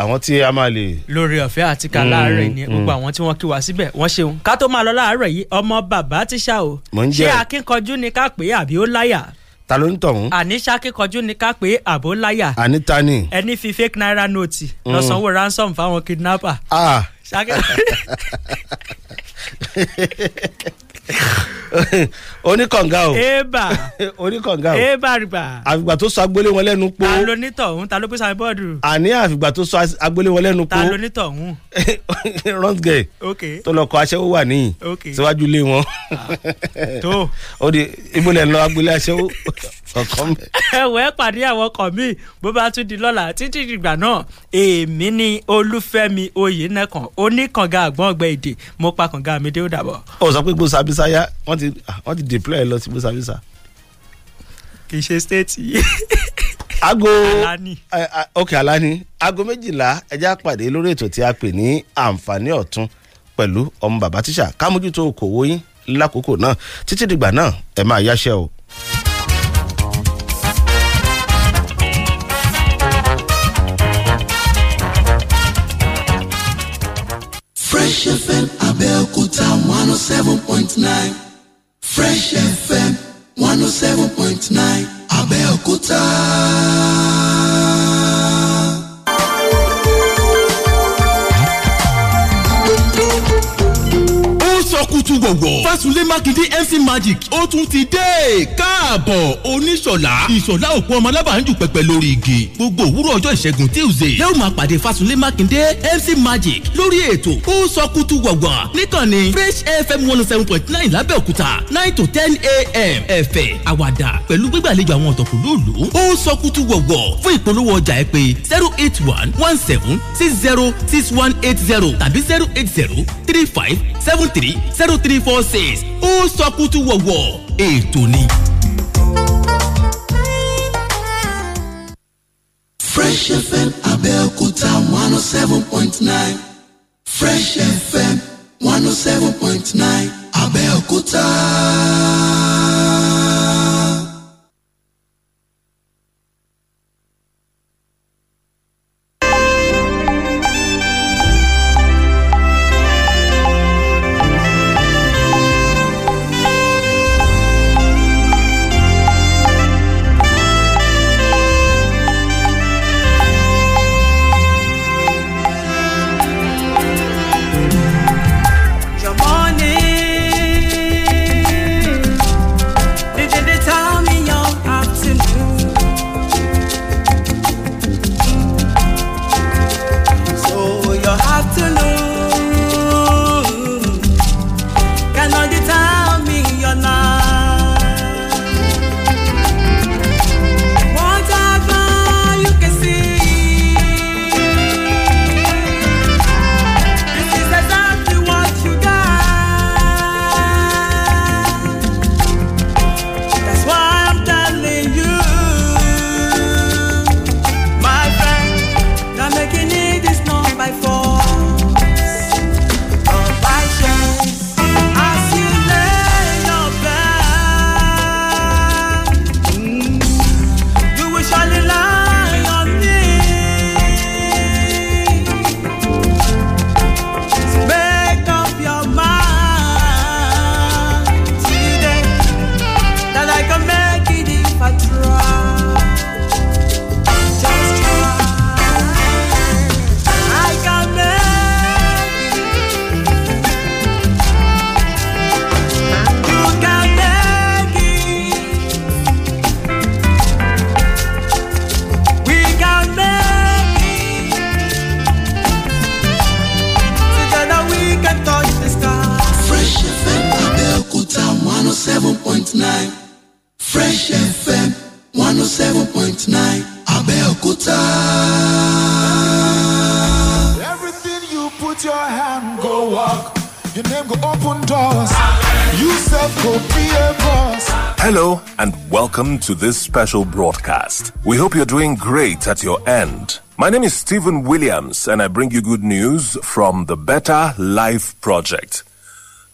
àwọn tí a máa lè. lórí ọ̀fẹ́ àti ká mm, láàárọ̀ ni gbogbo mm. àwọn tí wọ́n kí wá síbẹ̀ wọ́n ṣeun ká tó máa lọ láàárọ̀ yìí ọmọ bàbá ti ṣá o ṣé akínkanjú ni ká pè é àbí ó láyà ta ló ń tọ̀hún. àní ṣakíkanjú ni ká pé àbó láyà. àní ta ni. ẹni fi fake naira note mm. lọ sanwó ransom fáwọn kidnapper. Ah. ṣakíkanjú. oníkànga o eba oníkànga o eba riba àfìgbà tó sọ agbélé wọn lẹ́nu po ta ló nítọ̀ ọ̀hún ta ló pèsè àwọn bọ́ọ̀dù àní àfìgbà tó sọ agbélé wọn lẹ́nu po ta ló nítọ̀ ọ̀hún rọ́ǹgẹ̀ tó lọ kọ aṣẹ́wó wà níyì síwájú ilé wọn ah. tó ibo lẹ́ lọ agbélé aṣẹ́wó ọkọ mi. ẹ̀wẹ̀ pàdé àwọn ọkọ mi bó bá tún di lọ́la títí ìgbà náà èmi ni olúfẹ́mi oyènẹ́kan oníkànga àgbọ̀ngbẹ èdè mo pa kànga mi dé ó dàbọ̀. ó sọ pé gbósàbísà yá wọ́n ti ah, wọ́n ti deploy ẹ lọ sí gbósàbísà. kì í ṣe state yìí. aago ok alani Ago méjìlá ẹjẹ àpàdé lórí ètò tí a pè ní àǹfààní ọ̀tún pẹ̀lú ọmọ bàbá tíṣà kámójútó okòwò yín lákòókò náà títí dìgbà náà ẹ máa yáṣẹ́ o. Fresh FM Abẹ́òkúta one oh seven Fresh FM 107.9, oh seven point tún gbọ̀ngbọ̀ fásulẹ̀ mákindé mc magic ó tún ti dé káàbọ̀ oníṣọ̀lá ìṣọ̀lá òkú ọmọ alábàánjù pẹpẹ lórí igi gbogbo òwúrọ̀ ọjọ́ ìṣẹ́gun tuesday lẹ́wọ̀n máa pàdé fásulẹ̀ mákindé mc magic lórí ètò ó sọ kútu gbọ̀ngbọ̀n níkànnì fresh fm one oh seven point nine lábẹ́òkúta nine to ten a.m. ẹ̀fẹ̀ àwàdà pẹ̀lú gbígbàlejò àwọn ọ̀tọ̀kùlúùlù ó sọ kútu gbọ̀ngbọ̀n fún ìpolówó ọjà ẹ pé zero eight one one seven six zero six one eight zero tàbí zero eight zero three five seven three zero three four six ó sọ kútú wọ̀wọ̀ ètò ni. Fresh FM Abẹ́òkúta one oh seven point nine Fresh FM one oh seven point nine Abẹ́òkúta. Everything you put your hand go walk. Your name go open doors. go be a boss. Hello and welcome to this special broadcast. We hope you're doing great at your end. My name is Stephen Williams and I bring you good news from the Better Life Project.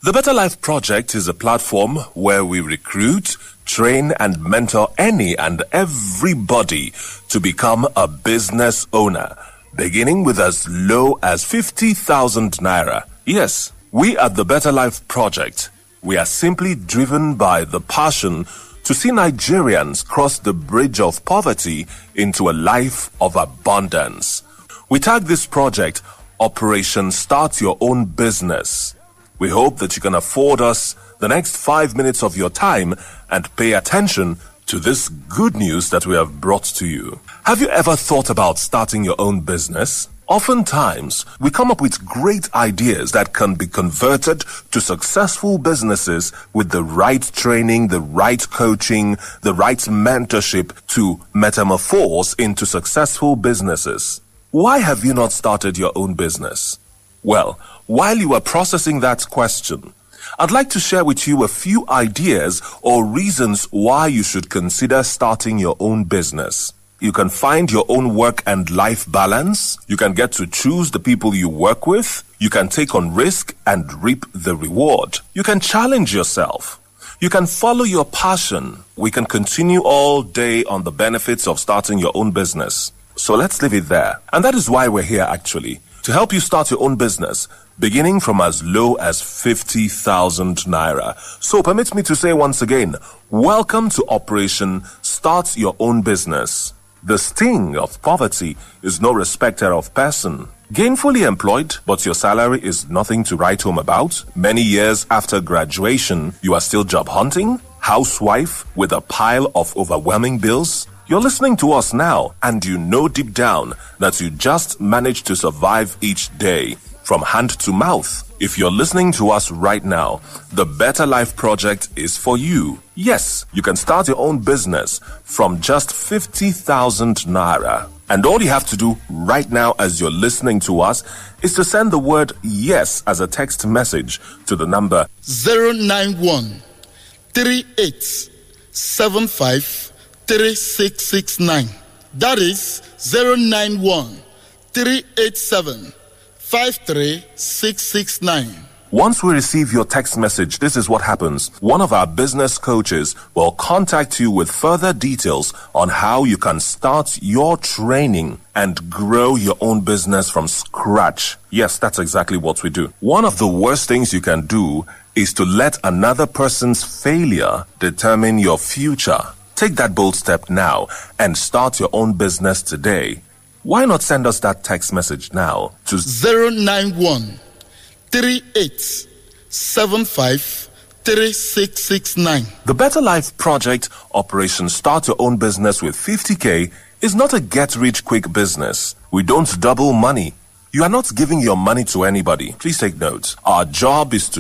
The Better Life Project is a platform where we recruit train and mentor any and everybody to become a business owner, beginning with as low as 50,000 naira. Yes, we at the Better Life Project, we are simply driven by the passion to see Nigerians cross the bridge of poverty into a life of abundance. We tag this project Operation Start Your Own Business. We hope that you can afford us the next five minutes of your time and pay attention to this good news that we have brought to you. Have you ever thought about starting your own business? Oftentimes, we come up with great ideas that can be converted to successful businesses with the right training, the right coaching, the right mentorship to metamorphose into successful businesses. Why have you not started your own business? Well, while you are processing that question, I'd like to share with you a few ideas or reasons why you should consider starting your own business. You can find your own work and life balance. You can get to choose the people you work with. You can take on risk and reap the reward. You can challenge yourself. You can follow your passion. We can continue all day on the benefits of starting your own business. So let's leave it there. And that is why we're here actually to help you start your own business, beginning from as low as 50,000 naira. So permit me to say once again, welcome to Operation Start Your Own Business. The sting of poverty is no respecter of person. Gainfully employed, but your salary is nothing to write home about? Many years after graduation, you are still job hunting? Housewife with a pile of overwhelming bills? You're listening to us now, and you know deep down that you just manage to survive each day from hand to mouth. If you're listening to us right now, the Better Life Project is for you. Yes, you can start your own business from just 50,000 naira. And all you have to do right now as you're listening to us is to send the word yes as a text message to the number 091 3875 3669. That is 091 387 53669. Once we receive your text message, this is what happens. One of our business coaches will contact you with further details on how you can start your training and grow your own business from scratch. Yes, that's exactly what we do. One of the worst things you can do is to let another person's failure determine your future. Take that bold step now and start your own business today. Why not send us that text message now to 091 38 The Better Life Project Operation Start Your Own Business with 50K is not a get rich quick business. We don't double money. You are not giving your money to anybody. Please take note. Our job is to